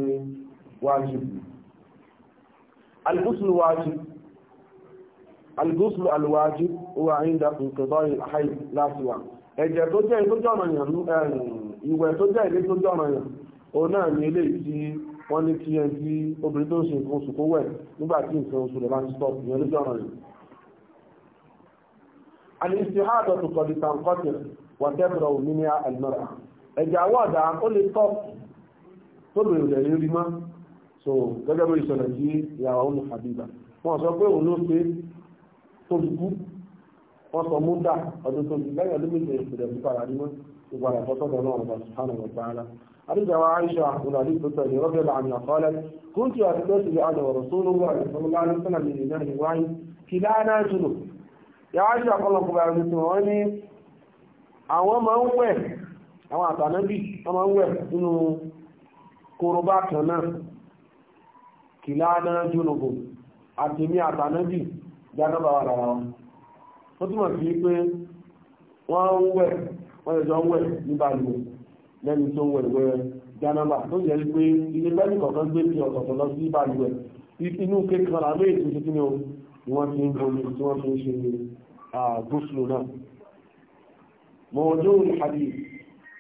wájìbù alìgúsùlù wájìbù alìgúsùlù alìwájìbù wà ìdá nǹkan àìyí láti wà ẹ̀jẹ̀ tó jẹ́ ìtọ́jọ́ ọ̀ranyàn ìwẹ̀ tó jẹ́ ìlé tó jẹ́ ọ̀ranyàn òun náà ni eléyìí tí wọ́n ní kí ẹn tí obìnrin tó ń ṣe nǹkan oṣù kó wẹ̀ nígbà tí nǹkan oṣù rẹ̀ bá ń stop ìyẹn lójú ọ̀ràn yìí. àlìsí àádọ́tù kọ̀dìtàn kọ́tì wà tẹ́bùrọ̀ òmìnira àlùmọ́ra ẹ̀jẹ̀ àwọ̀dà ó lè tọ́ tó lè rẹ̀ so gẹ́gẹ́ bí ìṣẹ̀lẹ̀ sí ìyàwó ọmọ Habiba wọ́n sọ pé òun ló ṣe tó fi kú wọ́n sọ mú dà ọdún tó fi lẹ́yìn ọdún méje ìṣẹ̀lẹ̀ sí padà rí mọ́ gbogbo àlàfọ́ sọ́dọ̀ náà ọba subhanahu wa Aisha àwọn àtànábì wọ́n ń wẹ̀ nínú korobá kan náà kìláàdá jónogò àtèmí àtànábì jánábà wà lára wọn ó túnmọ̀ sí pé wọ́n ń wẹ̀ wọ́n ẹ̀jọ́ ń wẹ̀ ní balùwẹ̀ lẹ́ni tó ń wẹ̀ wẹ̀ jánábà tó jẹ́ pé ilé bẹ́ẹ̀ni kọ̀ọ̀kan gbé ní ọ̀tọ̀ọ̀tọ̀ lọ sí balùwẹ̀ inú kékeré làbẹ́ ètò ṣe kí ni o ni wọ́n fi ń bomi tí wọ́n fi ń ṣe gúúsùlù náà mọ̀ọ́dún hadith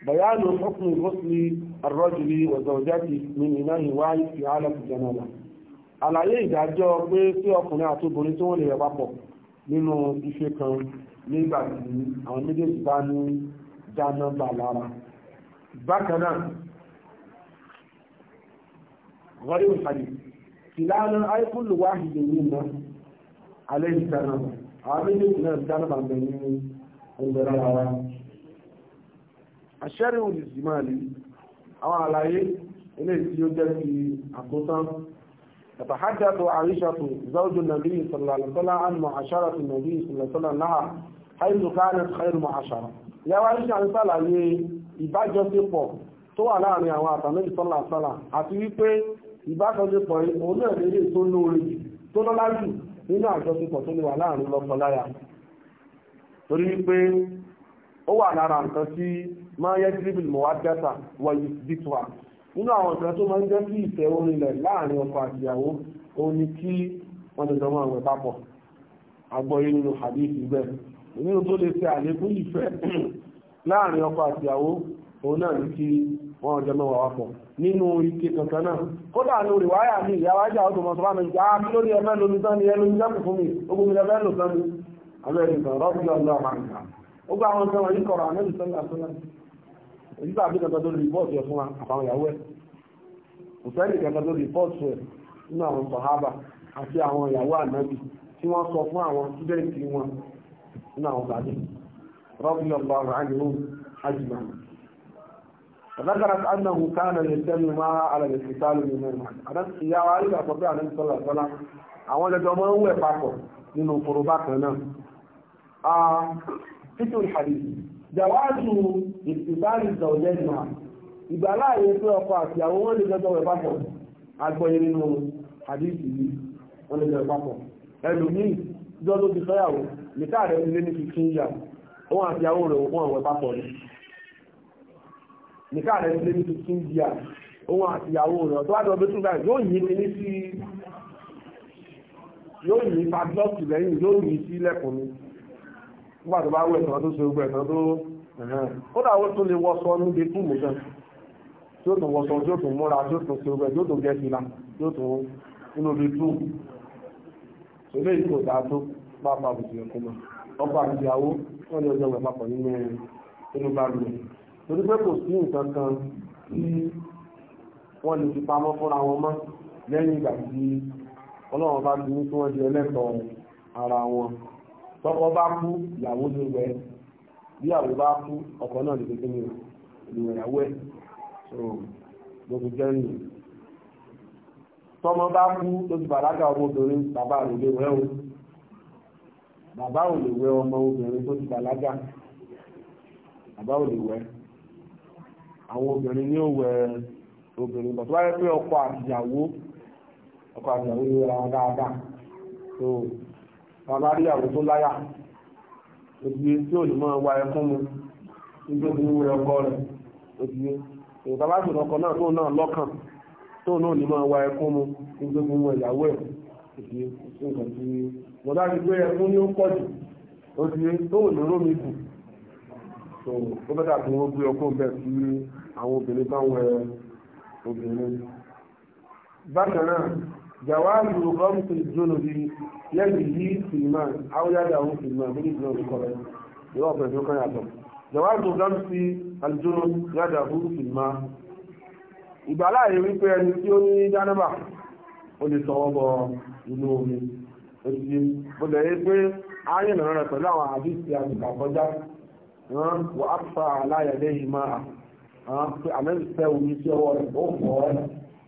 بيان حكم غسل الرجل وزوجته من إناء واحد في حالة الجنابة àlàyé ìdájọ́ pé tí ọkùnrin àti obìnrin tí wọ́n lè papọ̀ nínú ife kan nígbà tí àwọn méjèèjì bá ní jánábà lára bákan náà rọ́rí òṣàlì ìlànà àìkúlù wáhìdì nínú alẹ́ ìjánábà àwọn méjèèjì náà jánábà bẹ̀rẹ̀ ní ọgbẹ̀rẹ̀ ara àṣẹ́rìn òní sì máa lè àwọn àlàyé eléyìí tí ó jẹ́ ti àkótán تتحدث عائشة زوج النبي صلى الله عليه وسلم عن معاشرة النبي صلى الله عليه وسلم لها حيث كانت خير معاشرة يا عائشة ń ṣàlàyé ìbájọṣepọ̀ tó wà láàrin àwọn àtàlẹ́yìn sọ́là sọ́là àti wípé ìbájọṣepọ̀ òun náà lè tó lóore tó lọ́lá jù nínú àjọṣepọ̀ tó lè wà láàrin lọ́kọláya torí máa yẹ síbí mọ̀wádẹ́ta wọ̀nyí dìtùwà nínú àwọn nǹkan tó máa ń jẹ́ kí ìfẹ́ orin ilẹ̀ láàrin ọkọ àti ìyàwó òun ni kí wọ́n lè jọ máa wẹ̀ papọ̀ agbọ́yé nínú hadith bẹ́ẹ̀ nínú tó lè ṣe àlékún ìfẹ́ láàrin ọkọ àti ìyàwó òun náà ní kí wọ́n jọ máa wà papọ̀ nínú ike kankan náà kódà ní rìwáyà mi ìyá wájà ọdún mọ̀ sọ́bà mi gbà á kí lórí ẹfẹ́ lomi tán ni ẹ lomi tán fún mi ogun mi lẹfẹ́ lò tán ni abẹ́rẹ́ ìtàn rọ́bì ọlọ́ àmàlùkà ó gbà àwọn sọ́wọ́n yìí kọ̀rọ̀ àmẹ́lì sọ́lá sọ́lá nígbà bí kan tó rìpọ́ọ̀tù ẹ̀ fún àtàwọn ìyàwó ẹ̀ kò sẹ́ni kankan tó rìpọ́ọ̀tù ẹ̀ nínú àwọn sàhábà àti àwọn ìyàwó ànábì tí wọ́n sọ fún àwọn sídẹ́ǹtì wọn nínú àwọn tàbí rọ́bì ọ̀gbà ràánìhùn àjùmọ̀ فذكرت أنه كان يجتمع معها على الاتصال من المعنى. أنا يا وعلي أتوقع أن صلى الله عليه وسلم àwọn ẹlẹ́dọ̀ ọmọ ń wẹ̀ papọ̀ nínú kòròbá kan náà. Ah, títún ìhàdìsì jàwáàtù ìtìbáàlì ìtàwọ̀lẹ́gbà ìgbàláàyè pé ọkọ àti àwọn wọn lè jọjọ wẹ̀ papọ̀ agbọ́yé nínú àdíṣì yìí wọn lè jọ papọ̀ ẹlòmíì jọ tó ti fẹ́yàwó nìka rẹ̀ nílé ní fifteen years òun àti àwọn rẹ̀ wọ́n wẹ̀ papọ̀ ni nìka rẹ̀ nílé ní fifteen years òun àti àwọn rẹ̀ tó wá jọ bí túnbà yóò yí ní sí yóò yí padlock lẹ́yìn yóò yí sí lẹ́kùn mi nígbà tó bá wẹ̀ tán tó ṣe gbogbo ẹ̀tàn tó ó dà ó tún lè wọṣọ níbi fún mi gan tí ó tún wọṣọ tí ó tún múra tí ó tún ṣe gbogbo ẹ̀ tí ó tún gẹ́ fìlà tí ó tún inú ibi tún ṣòlẹ́ yìí kò dáa tó bá pa àbùsùn ẹ̀kọ́ mọ́ ọkọ̀ àti ìyàwó wọ́n ní ọjọ́ ìpapọ̀ nínú inú bá lù torí tọ́kọ bá kú ìyàwó ló wẹ bí ìyàwó bá kú ọkọ náà lè gbé ní ìwẹ̀ ìyàwó ẹ̀ so mo fi jẹ́ nìyẹn tọ́mọ bá kú tó ti bàlágà ọmọbìnrin bàbá rẹ̀ lè wẹ̀ o bàbá ò lè wẹ̀ ọmọ obìnrin tó ti bàlágà bàbá ò lè wẹ̀ àwọn obìnrin ní ò wẹ̀ obìnrin bọ̀ tó wáyé pé ọkọ àtìyàwó ọkọ àtìyàwó ló ra wọn dáadáa so bàbá rí àwọn tó tí ò ní mọ́ wa ẹkún mu nígbà tí wúrẹ́ ọkọ rẹ̀ òdìye èyí bàbá sì lọkọ náà tóun náà lọ́kàn tóun náà ní mọ́ wa ẹkún mu nígbà tí wúrẹ́ ìyàwó ẹ̀ òdìye sí nǹkan tí mo bá ti gbé ẹkún ní ó pọ̀ jù òdìye tóun ní rómi dùn tó ó bẹ́ẹ̀ dàbí wọ́n gbé ọkọ̀ bẹ́ẹ̀ sí àwọn obìnrin báwọn obìnrin bákan náà جواز غمس الجنب يده في الماء أو يده في الماء من الجنب القرآن يوقف يوقف يعلم جواز غمس الجنب يده في الماء ìgbàlá yìí wípé ẹni tí ó ní dánimà ó lè tọwọ́ bọ inú omi èyí mo lè rí pé ayìn náà rẹ pẹ̀lú àwọn àdìsí àgbà kọjá wọ́n á fa aláyẹ̀dẹ́ yìí máa àmẹ́sẹ̀ omi sí ọwọ́ rẹ̀ ó fọ́ ọ́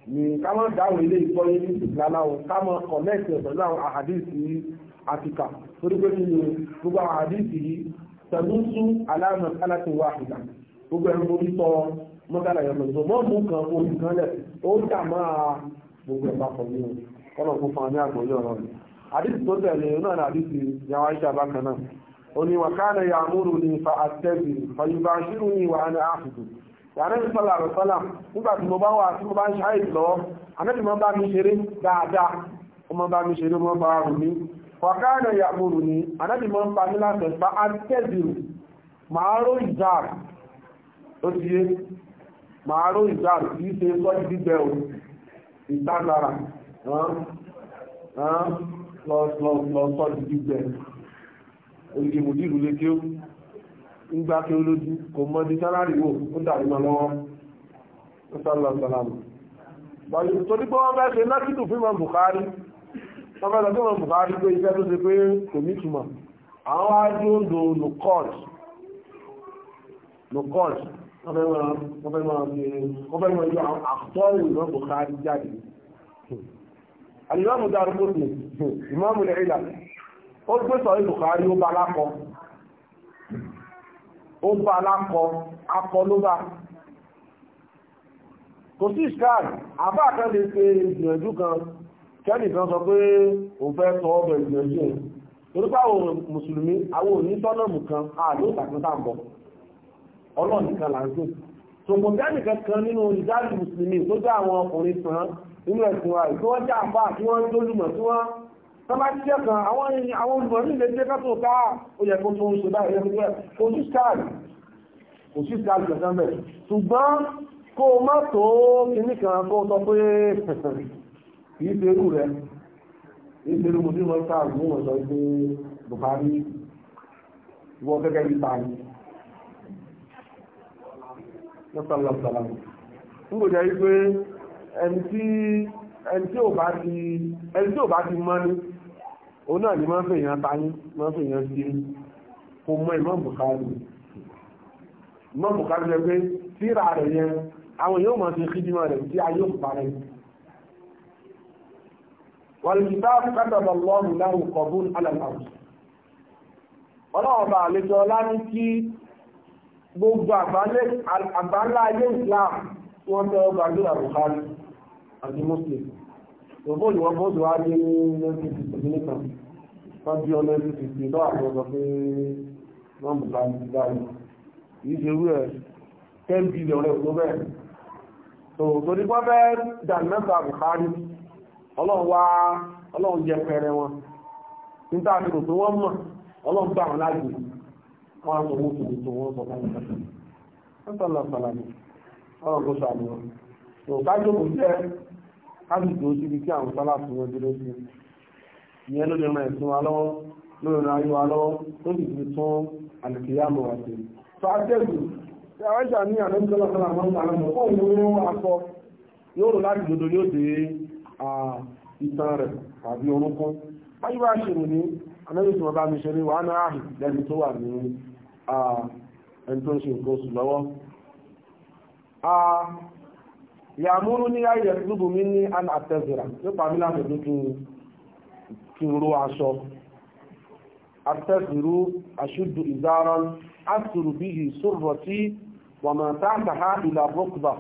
Ni ká máa dáhùn ilé ìtọ́yé ní ìsìnkú aláwọ̀ ká máa kọ̀lẹ́ẹ̀tì pẹ̀lú àwọn àhàdìsì àfíkà torí pé nínú gbogbo àwọn àhàdìsì yìí tẹ̀lúsù aláàmọ̀ kálátì wà àfíkà gbogbo ẹ̀rọ orí tọ́ mọ́tàlá yẹn lọ́dún mọ́ mú kan orí kan lẹ̀ ó dà máa gbogbo ẹ̀ papọ̀ ní o kọ́nà kó fún wa ní àgbọ̀yé ọ̀rọ̀ rẹ̀ àdìsí tó tẹ̀lé náà ní àdìsí yàwá iṣẹ́ abákan náà ó yàmúrù ní fa àtẹ́bì fàyùbá ṣírù wàhánà áfùdù àrẹ́bí sọ́lá rẹ̀ sọ́lá nígbà tí mo bá wà tí mo bá ń ṣáyè lọ́wọ́ àrẹ́bí mọ́ bá mi ṣeré dáadáa ó mọ́ bá mi ṣeré mọ́ bá rù mí ọ̀káàdà ìyàmòrò ni àrẹ́bí mọ́ ń pa mí láti ẹ̀fà àtẹ́bìrù máa ró ìjáàr ó ti yé máa ró ìjáàr kì í ṣe sọ́jú gbígbẹ́ o ìtàgbára lọ sọ́jú gbígbẹ́ olùdìmùdìrú lékè ń gbá kí ó lójú kò mọ́ di sálárì wò ó dàrí mọ́ lọ́wọ́ ó sálọ sálàmù bàjẹ́ torí pé wọ́n fẹ́ ṣe lákìtù fún ìmọ̀ Bukhari wọ́n fẹ́ sọ fún ìmọ̀ Bukhari pé iṣẹ́ tó ṣe pé kò ní ìtumọ̀ àwọn adóńdó lukọ́t lukọ́t wọ́n fẹ́ máa wọ́n fẹ́ máa fi wọ́n fẹ́ máa yọ àtọ́rù ìmọ̀ Bukhari jáde alimami darúgbó ni ìmọ̀ àmúlẹ̀ ìlà ó gbé sọ̀rọ̀ Bukhari ó bá ó bá alákọ akọ ló bá kò sí scan àbá kan lè pe ìgbìyànjú kan kẹ́nìkan sọ pé òun fẹ́ sọ ọ́ bẹ̀rẹ̀ ìgbìyànjú yẹn torí pé àwọn mùsùlùmí àwọn òní tọ́nàmù kan àlóò tàkúntàbọ̀ ọlọ́run nìkan là ń gbé tòmọ̀ kẹ́nìkan kan nínú ìdájú mùsùlùmí tó jẹ́ àwọn ọkùnrin kan nínú ẹ̀sìn wa ìtọ́jà àbá tí wọ́n ń dólùmọ̀ tí wọ́n tọ́bá jíjẹ́ kan àwọn olùgbọ̀n ní ilé jẹ́ kátó káà ó yẹ kó tó ń ṣe báyìí ẹgbẹ́ kò sí skáàlì kò sí skáàlì kẹsàn bẹ̀ ṣùgbọ́n kó o má tó kíní kan kó sọ pé kìí ṣe irú rẹ̀ kìí ṣe irú mo tí wọ́n sáà mú wọn sọ pé Buhari wọ gẹ́gẹ́ bí báyìí lọ́sàlọ́sàlá ń kò jẹ́ ẹni tí ò bá ti mọ́ ni òun náà ni máa ń fẹ́ èèyàn tayín máa ń fẹ́ èèyàn sí kò mọ ìmọ̀ bùkárì ìmọ̀ bùkárì rẹ̀ pé tíra rẹ̀ yẹn àwọn yóò máa fi kídìmọ̀ rẹ̀ tí ayé ò parẹ́ wàlùkìtàb kátàbà lọ́rùn láwù kọ̀bùn alàlàrù ọlọ́ọ̀bà àlejò ọlá ní kí gbogbo àbálá ayé Islam wọ́n tẹ́ ọgbà àdúrà bùkárì àti Muslim òbó ìwọ̀n bóòdù wá ní lẹ́sìn ìpínlẹ̀ nìkan wọ́n bí ọ lẹ́sìn ìpínlẹ̀ lọ́wọ́ àwọn ọ̀dọ́ pé wọ́n bù bá ní báyìí kì í ṣe rú ẹ̀ ten billion rẹ̀ tó bẹ́ẹ̀ tó tó ní wọ́n fẹ́ dà mẹ́ta Buhari ọlọ́run wá ọlọ́run jẹ pẹrẹ wọn níta àti kò tó wọ́n mọ̀ ọlọ́run gbà wọn láàyè wọ́n á sọ owó tó tó wọ́n sọ fún wọn. wọ́n sọ lọ sàlàyé ọlọ́run kò sàlùwọ̀n tó kájọ́ kò jẹ́ káàdì tó síbi tí àwọn sálà fún wọn dúró sí ìyẹn ló lè ran ẹ̀sùn wa lọ́wọ́ ló lè ran ayé wa lọ́wọ́ tó sì fi tún àlùkìyàmọ̀ wà sí. sọ àtẹ́gùn tí a ìṣà ní àdéhùn sọ́lá máa ń gbà lọ́wọ́ fún òun ló akọ yóò rò láti dodo yóò dé ìtàn rẹ̀ tàbí orúnkún. ayé wa ṣèrò ní anáyé tí wọ́n bá mi ṣe ní wàhánà áhì lẹ́ni tó wà ní ẹni tó ń ṣe nǹkan oṣù lọ́wọ́ yàmúrú ní ayẹ̀ lúbù mi ní an àtẹ́zìrà nípa mi láti ní kí n ro aṣọ àtẹ́zìrú aṣúdù ìzáran asùrù bí i sọ̀rọ̀ tí wà máa tààtà ha ìlà rọ́kùbà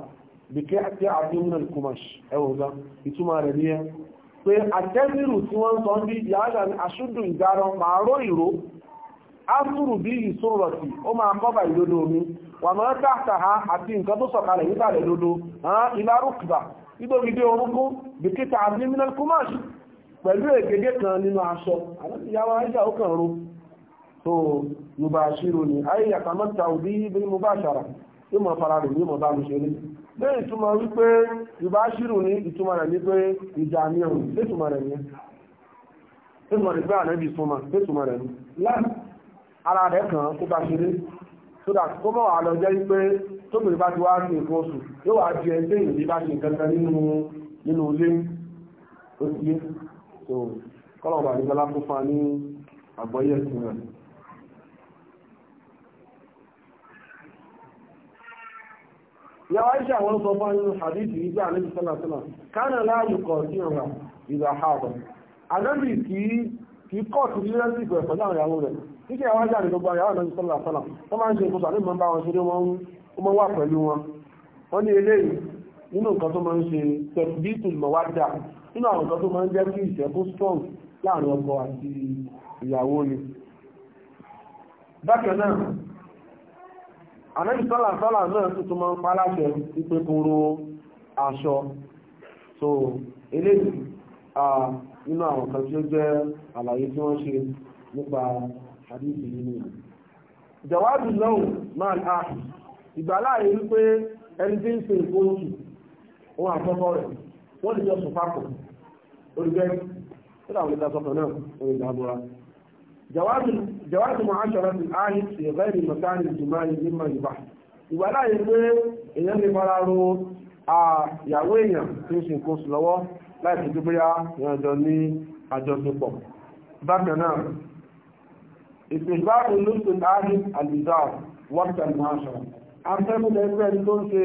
bí kí àti àdúmùnà kùmàṣ ẹwọ̀gá ìtumọ̀ rẹ̀ ní ẹ pé àtẹ́zìrú tí wọ́n sọ bí yàrá ní aṣúdù ìzáran máa ró ìró asùrù bí i sọ̀rọ̀ tí ó máa kọ́bà wà máa tààtà ha àti nǹkan tó sọ̀kalẹ̀ nígbà rẹ̀ lódó ilá rúkìbà nítorí dé orúnkún bìkítà abdominal commerce pẹ̀lú ègègé kan nínú aṣọ àwọn ìyàwó aṣà ó kàn ro tó yorùbá ṣírò ní ayé àtàmọ́ta òbí bí mo bá ṣàrà yóò mọ̀ fara rẹ̀ yóò mọ̀ ara rẹ̀ kan kó bá ṣeré so that kó mọ̀ jẹ́ wípé tóbìnrin bá ti wá sí nǹkan oṣù yóò wá di ẹgbẹ́ ìrìn bá ṣe nǹkan nínú ilé ó ti yé so kọ́lọ̀ bá nígbà lápò fún ní àgbọ́yé ẹ̀sìn rẹ̀. yàwá iṣẹ́ àwọn sọ fún nínú hadithi ìgbà níbi sọ́nàtọ́nà kánà láàyè kọ̀ sí ọ̀rọ̀ ìgbà ààbọ̀ kíkẹ́ àwọn ajáde gbogbo àyàwó náà sọ́lá sọ́lá wọ́n máa ń ṣe ìkóso àti ìmọ̀ bá wọn ṣe wọ́n mọ́ wà pẹ̀lú wọn wọ́n ní eléyìí nínú nǹkan tó máa ń ṣe tẹ̀bítù mọ̀wádà nínú àwọn nǹkan tó máa ń jẹ́ kí ìṣẹ́kú strong láàrin ọkọ àti ìyàwó ni bákan náà àlẹ́yìn sọ́là sọ́là náà tuntun máa ń pa láṣẹ wípé kóró aṣọ so eléyìí nínú àwọn kan tí ó jẹ́ àlàyé tí wọ́n ṣe nípa àdíṣì nínú ìlú ìjọwádìí náà máa ń áàpù ìgbàláyé wípé ẹni tí ń ṣe nǹkan oṣù òun àtọ́kọ́ rẹ̀ wọ́n lè jọ sùn papọ̀ olùgbẹ́ tó dàwọn ìdá sọ́kọ̀ náà òun ìdá bọ́ra jọwádìí máa ń ṣọ̀rọ̀ sí áàyè sí ẹ̀fẹ́ ìrìn mọ̀tánì ìjùmọ̀ ìgbìmọ̀ ìbá ìgbàláyé pé èèyàn lè fara ro àyàwó èèyàn tí ń ṣe nǹkan oṣù lọ́wọ́ láì fi dúpẹ́ yá ìrìnàjò ní àjọṣepọ̀ bákan náà استحباب اللبس العاجل الإزار وقت المعاشرة afẹ́mú lẹ́gbẹ́ ẹni tó ń ṣe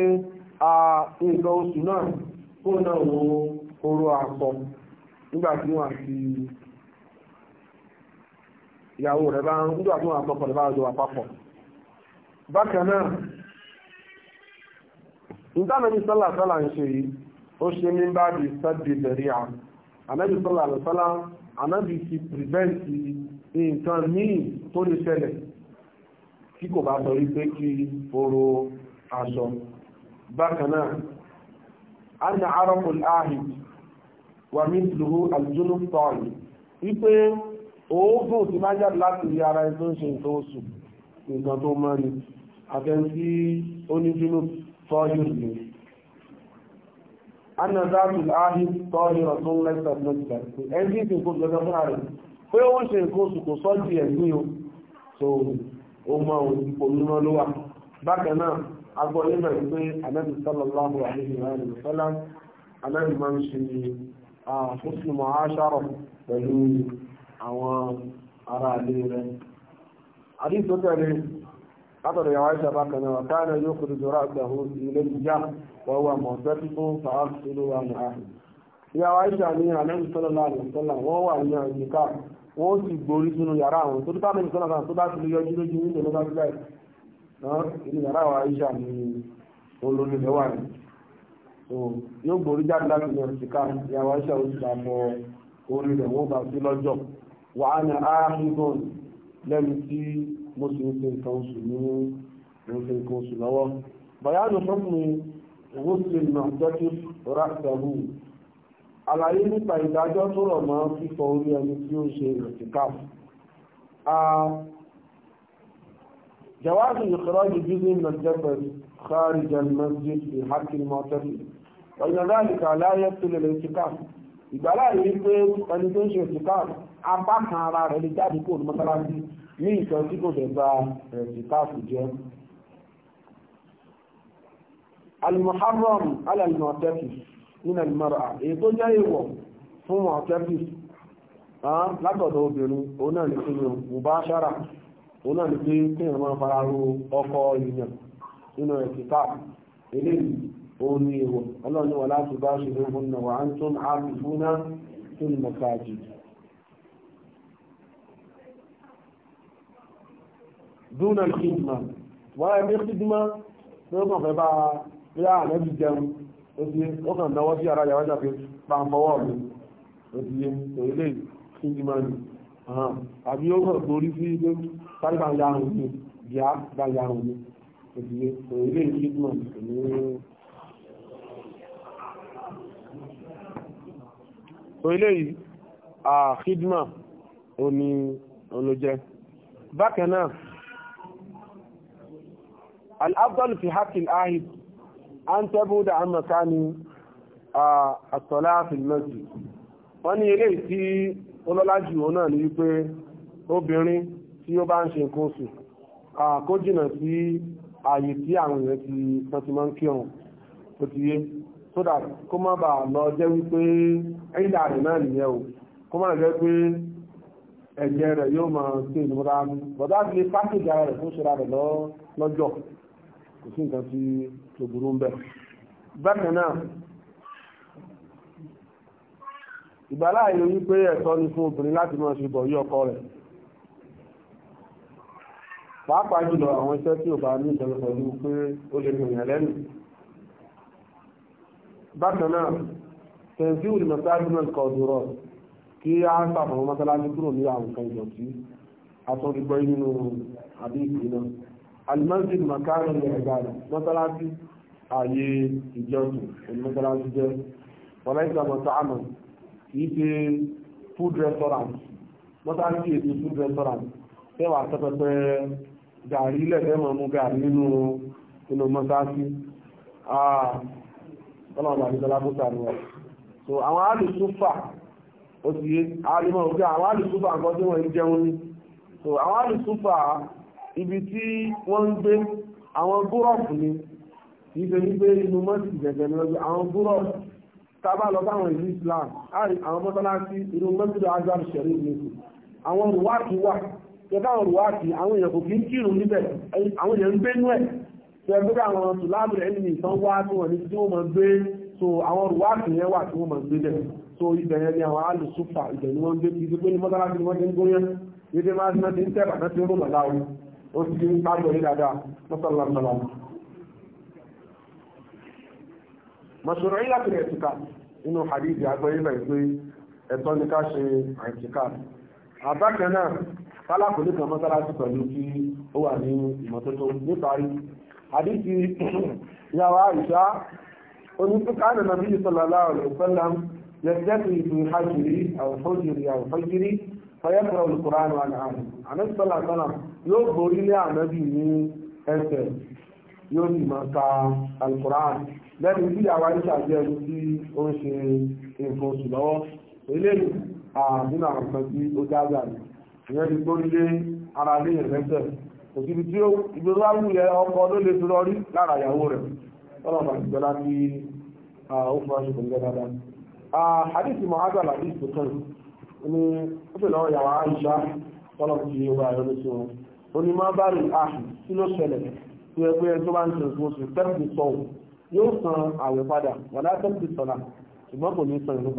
nǹkan oṣù náà kó náà wo oró àpọ̀ nígbà tí wọ́n àti ìyàwó rẹ̀ bá ń nígbà tí wọ́n àpapọ̀ rẹ̀ bá jọ àpapọ̀ bákan náà ìdánilẹ́bí sọ́là sọ́là ń ṣe yìí ó ṣe ní bá di sọ́dì bẹ̀rẹ̀ àmì àmẹ́bí sọ́là lọ́sọ́là àmẹ́bí ti pìrìvẹ́ǹtì nǹkan míì tó lè ṣẹlẹ̀ tí kò bá sọ wípé kí oró aṣọ bákan náà anna arakul ahid wà ní ìlú aljúlù tọ́ọ̀lù wípé oògùn tí máa jáde láti rí ara ẹni tó ń ṣe nǹkan oṣù nǹkan tó mọ́ ni àtẹ́ntí oníjúlù tọ́ọ̀lù ni anna zatul ahid tọ́ọ̀lù rọ̀ lẹ́sẹ̀ pé ó ń ṣe nǹkan oṣù kò sọ́jú ẹ̀gbìn o so ó mọ òmìnira ló wà bákan náà agbọ́ nígbà pé anábì sallallahu alaihi wa sallam anábì máa ń ṣe fúnṣù mọ̀háṣárọ̀ pẹ̀lú àwọn ará ilé rẹ̀ àdìs tó tẹ̀lé látọ̀dọ̀ yàwá iṣẹ́ bákan náà káàdà yóò kúrò jọra àgbàhó ilé ìjà wọ́n wà mọ̀ tẹ́tí fún sàá sílùwà ní àhùn ìyàwó iṣẹ́ àníyàn anábì sallallahu alaihi wa sallam wọ́n wà ní àyíká wọ́n sì gborí sínú yàrá àwọn tó dúpá mẹ́rin sọ́nà kan tó bá ti lè yọjú lójú ní ìlú bájú báyìí inú yàrá àwọn aisha ni olórí rẹ̀ wà ní so yóò gborí jáde láti lọ sí ká ìyàwó aisha ó sì bá mọ orí rẹ̀ wọ́n bá sí lọ́jọ́ wà á ní áhìbọn lẹ́nu tí mo sì ń ṣe nǹkan oṣù ní mo ṣe nǹkan oṣù lọ́wọ́ bàyá ló fọ́ mi ìwọ́sùn ìmọ̀ àjọ́jú rà àlàyé nípa ìdájọ́ tó rọ̀ mọ́ fífọ orí ẹni tí ó ṣe ìrìtìkáf jawazu ìkọrọ́jì jíjí mẹ́jẹ́pẹ̀ kharijan masjid fi hakil mọ́tẹ́fì ọ̀yàn dáàlìkà aláyẹ́ sílẹ̀ ìrìtìkáf ìgbàláyé wípé ẹni tó ń ṣe ìrìtìkáf apá kan ara rẹ̀ lè jáde kó ní mọ́sálásí ní ìtàn tí kò fẹ́ gba ìrìtìkáf jẹ́ al-muharram nínú ìmọ̀ràn èyí tó jẹ́ ìwọ̀ fún wọn kẹ́fì látọ̀dọ̀ obìnrin òun náà ní kíni mubashara òun náà ní pé kí èèyàn máa fara ro ọkọ èèyàn nínú ẹ̀kíkà eléyìí òun ní ìwọ̀ ọlọ́run ní wọn láti bá ṣe ló fún wa antum aakifuna fil masajid. dúnà ìkìdìmọ̀ wọ́n ẹgbẹ́ ó ti ó kàn náwọ́ sí ara yàwájà pé pàǹfọwọ́ mi ó ti yé òyìnlẹ̀ kíndìmọ́nì àbí ó kàn borí sí ilé sáré bá ń ya àrùn mi bíá bá ya àrùn mi ó ti yé òyìnlẹ̀ kíndìmọ́nì kò ní so eléyìí àhídmà ó ní olójẹ́ bákan náà al-afdal fi haqqi al-ahid an tẹ́bù da an maka a tọ́lá fìlmẹ́sì wọ́n ní eré tí olólájú òun náà ní wípé obìnrin tí ó bá ń ṣe nǹkan oṣù kó jìnà sí ààyè tí àwọn èèyàn ti tán ti máa ń kírun tó ti yé so that kó má bàa lọ jẹ́ wípé ẹ̀yìn ààrẹ náà nìyẹn o kó má jẹ́ pé ẹ̀jẹ̀ rẹ̀ yóò máa ṣe ìnumọ́ra bọ̀dá ti pàṣẹ ìjà rẹ̀ fún ṣe rẹ̀ lọ́jọ́ kò sí nǹkan tí tó burú ń bẹ̀. bákan náà ìgbàlá ìlú wípé ẹ̀tọ́ ni fún obìnrin láti máa ṣe bọ̀ yí ọkọ rẹ̀ pàápàá jùlọ àwọn iṣẹ́ tí ò bá ní ìṣẹ̀lẹ̀ pẹ̀lú pé ó lè rìn yàn lẹ́nu bákan náà tẹ̀sí ìrìnàṣájúmẹ̀t kọ̀ọ̀dùrọ̀ kí a ń sàfàwọn mọ́sálásí kúrò ní àwọn nǹkan ìdọ̀tí atọ́dúgbọ́ nínú àbí ìpínlẹ̀ alimọ́sí makaro ní ẹ̀gbàdà mọ́sálásí ààyè ìjọsìn ẹni mọ́sálásí jẹ́ wọláìsí àmọ́sá àmọ́ kìí ṣe food restaurant mọ́sálásí ètò food restaurant tẹ́wà tẹ́pẹpẹ gàrí ilẹ̀ tẹ́mọ̀ mú gàrí nínú inú mọ́sálásí ọlọ́ọ̀bà àdìsọ́lá fún sàrùwà so àwọn alùsùfà ó ti yé alùmọ̀ òkè àwọn alùsùfà nǹkan tí wọ́n ń jẹun ní so àwọn alùsùfà ibi tí wọ́n ń gbé àwọn gúrọ̀pù ni kìí ṣe wípé inú mọ́sí gẹ̀gẹ̀ ni wọ́n gbé àwọn gúrọ̀pù tábà lọ báwọn ìlú Islam àrí àwọn mọ́sálásí inú mọ́sí azam sherif ni àwọn rùwáàkì wà tẹ́tà àwọn rùwáàkì àwọn èèyàn kò kí ń kírun níbẹ̀ àwọn èèyàn ń gbé nú ẹ̀ tẹ́ gbé àwọn tùlámù rẹ̀ nínú ìsan wá tí wọ́n ní tí wọ́n máa gbé so àwọn rùwáàkì yẹn wà tí wọ́n máa gbé bẹ̀ so ibẹ̀ yẹn ni àwọn alùsùfà ibẹ̀ ni wọ́n gbé kí ó ti dé pàjọ ní dáadáa lọ́sọ̀lá sọ̀lá mọ̀ṣọ̀rọ̀ yìí láti rẹ̀ tìka inú hadithi agbẹ́yìn náà pé ẹ̀tọ́ ní ká ṣe àìtìka àbákan náà kálákòlé kan mọ́sálásí pẹ̀lú kí ó wà ní ìmọ́tótó níparí hadithi ìyàwó àìsá onípínká nàbí sallallahu alaihi wasallam yẹ̀tẹ́kì ìlú hajjiri àwọn fayẹ́kọ̀ọ́ olùkùránù àdáhùn àmẹ́sọ́lá sọ́nà yóò borí lé ànábì ní ẹsẹ̀ yóò sì máa ka alùkùránù lẹ́nu bí àwa ń ṣàjẹ́ ẹni tí ó ń ṣe nǹkan oṣù lọ́wọ́ eléyìí àdínà nǹkan tí ó dájà ní ìyẹn ti tó lé ara lé yẹn lẹ́sẹ̀ òsibí tí ibi tó bá yẹ ọkọ ló lè tó lọrí lára ìyàwó rẹ̀ ọlọ́mọ àtìgbọ́lá tí ó fún aṣọ ní ó pè lọ́wọ́ yàwó àìṣà tọ́lọ̀ fi wà lọ́dún sí wọn ó ní má bá rí àhì tí ló ṣẹlẹ̀ tí ó pé tó bá ń ṣe oṣù tẹ́kì sọ yóò san àwẹ̀ padà wàdá tẹ́kì sọ̀la ṣùgbọ́n kò ní san ìlú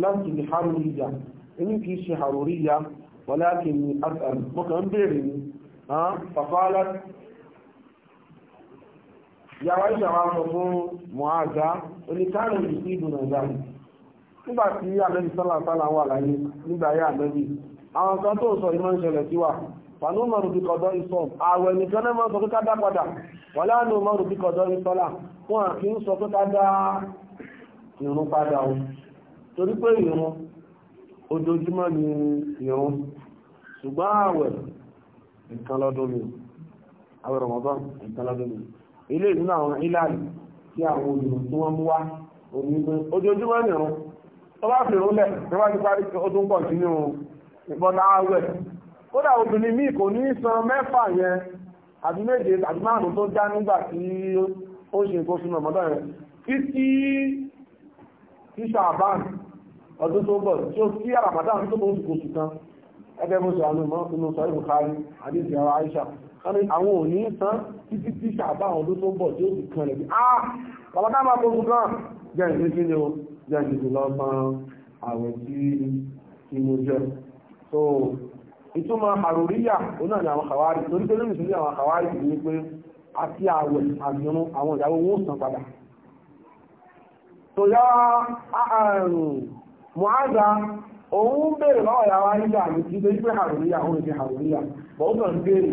láti ní àrùn ríjà èmi kì ṣe àrùn ríjà wàlá kì ní àtàrí mo kàn ń béèrè ní ìyàwó ìṣe àwọn ọmọ fún mọ̀áza oníkàrò ìsí ìdùnnà ìdáhùn nígbà tí ànábì sọ́là sọ́là wà láyé nígbà ayé ànábì àwọn kan tó sọ ìmọ̀ ìṣẹ̀lẹ̀ sí wa pàánù mọ̀rù bí kọ̀dọ̀ ìsọ̀m ààwẹ̀ nìkan náà sọ pé ká dá padà wà láàánú mọ̀rù bí kọ̀dọ̀ ìsọ́là wọn kì í sọ pé ká dá ìrun padà o torí pé ìrun ojoojúmọ́ ni ìrun ṣùgbọ́n ààwẹ̀ nǹkan lọ́dún mi ààwẹ̀ Ramadan nǹkan lọ́dún mi ilé ìdúnà àwọn ìlànà tí àwọn olùmọ̀ tí wọ́n mú wá onígbé ojoojúmọ́ ní ọ̀run tó bá fi rúnlẹ̀ tó bá ti parí ó tún pọ̀ sí nínú ìbọ̀dá ààwẹ̀ kódà obìnrin míì kò ní san mẹ́fà yẹn àti méje àti márùn tó dá nígbà tí ó ṣe nǹkan sínú ọmọdé rẹ̀ títí tíṣà àbáǹ ọdún tó bọ̀ tí ó sí àràmàdà tó bọ̀ oṣù kan ẹgbẹ́ mọ́sọ̀ àánú mọ́ inú sọ ìbùkárí àdéhùn àwọn Aisha kánú àwọn ò ní tán títí tí ṣàbá àwọn ọdún tó bọ̀ tí ó sì kan rẹ̀ bí ah bàbá máa gbogbo kan jẹ́ ìlú ni o jẹ́ ìlú lọ san àwẹ̀ tí kí mo jẹ so ìtumọ̀ àròríyà òun ni àwọn àwárí torí pé lónìí sí àwọn àwárí kì ní pé àti àwẹ̀ àgbẹ̀rún àwọn ìyàwó wọn ò padà so yá òun béèrè lọ́wọ́ ìyàwó ayíjà àmì tí pé àròríyà òun ìdí àròríyà bọ́ọ̀dọ̀ ń béèrè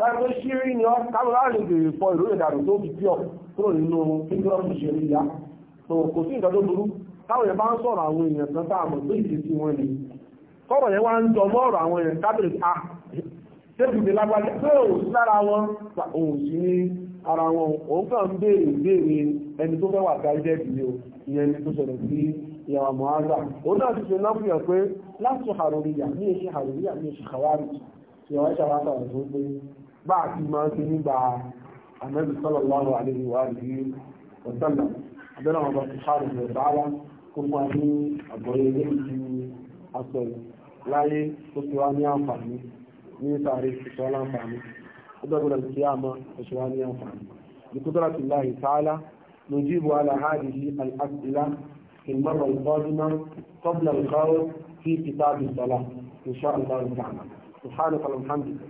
báyìí ṣírí ni ọ káwọn láàrin bèrè fọ ìró ìdàrú tó fi tíọ kúrò nínú kíndọ́ọ̀mù ìṣẹ̀lẹ̀ ìyá tó kò sí nǹkan burú táwọn yẹn bá ń ah, náà ti ṣe náà pé láti ṣe àròríyà ní èṣe àròríyà ní èṣe kàwárì ìyàwó ẹ̀ṣẹ̀ wá sọ̀rọ̀ tó pé bá a ti máa ṣe nígbà ànábì sallallahu alaihi wa alihi wa sallam abẹ́rẹ́ àwọn ọba ṣùgbọ́n àwọn ọba ara kó fún wa ní àgbọ̀yé lẹ́yìn aṣọ láyé tó ti wá ní àǹfààní ní sáré ìṣọ́ láǹfààní ó dọ́gbọ́dọ̀ sí àmọ́ ìṣọ́ wá ní àǹfààní بقدرة الله تعالى نجيب على هذه الأسئلة في المرة القادمة قبل القول في كتاب الصلاة إن شاء الله تعالى سبحانك اللهم وبحمدك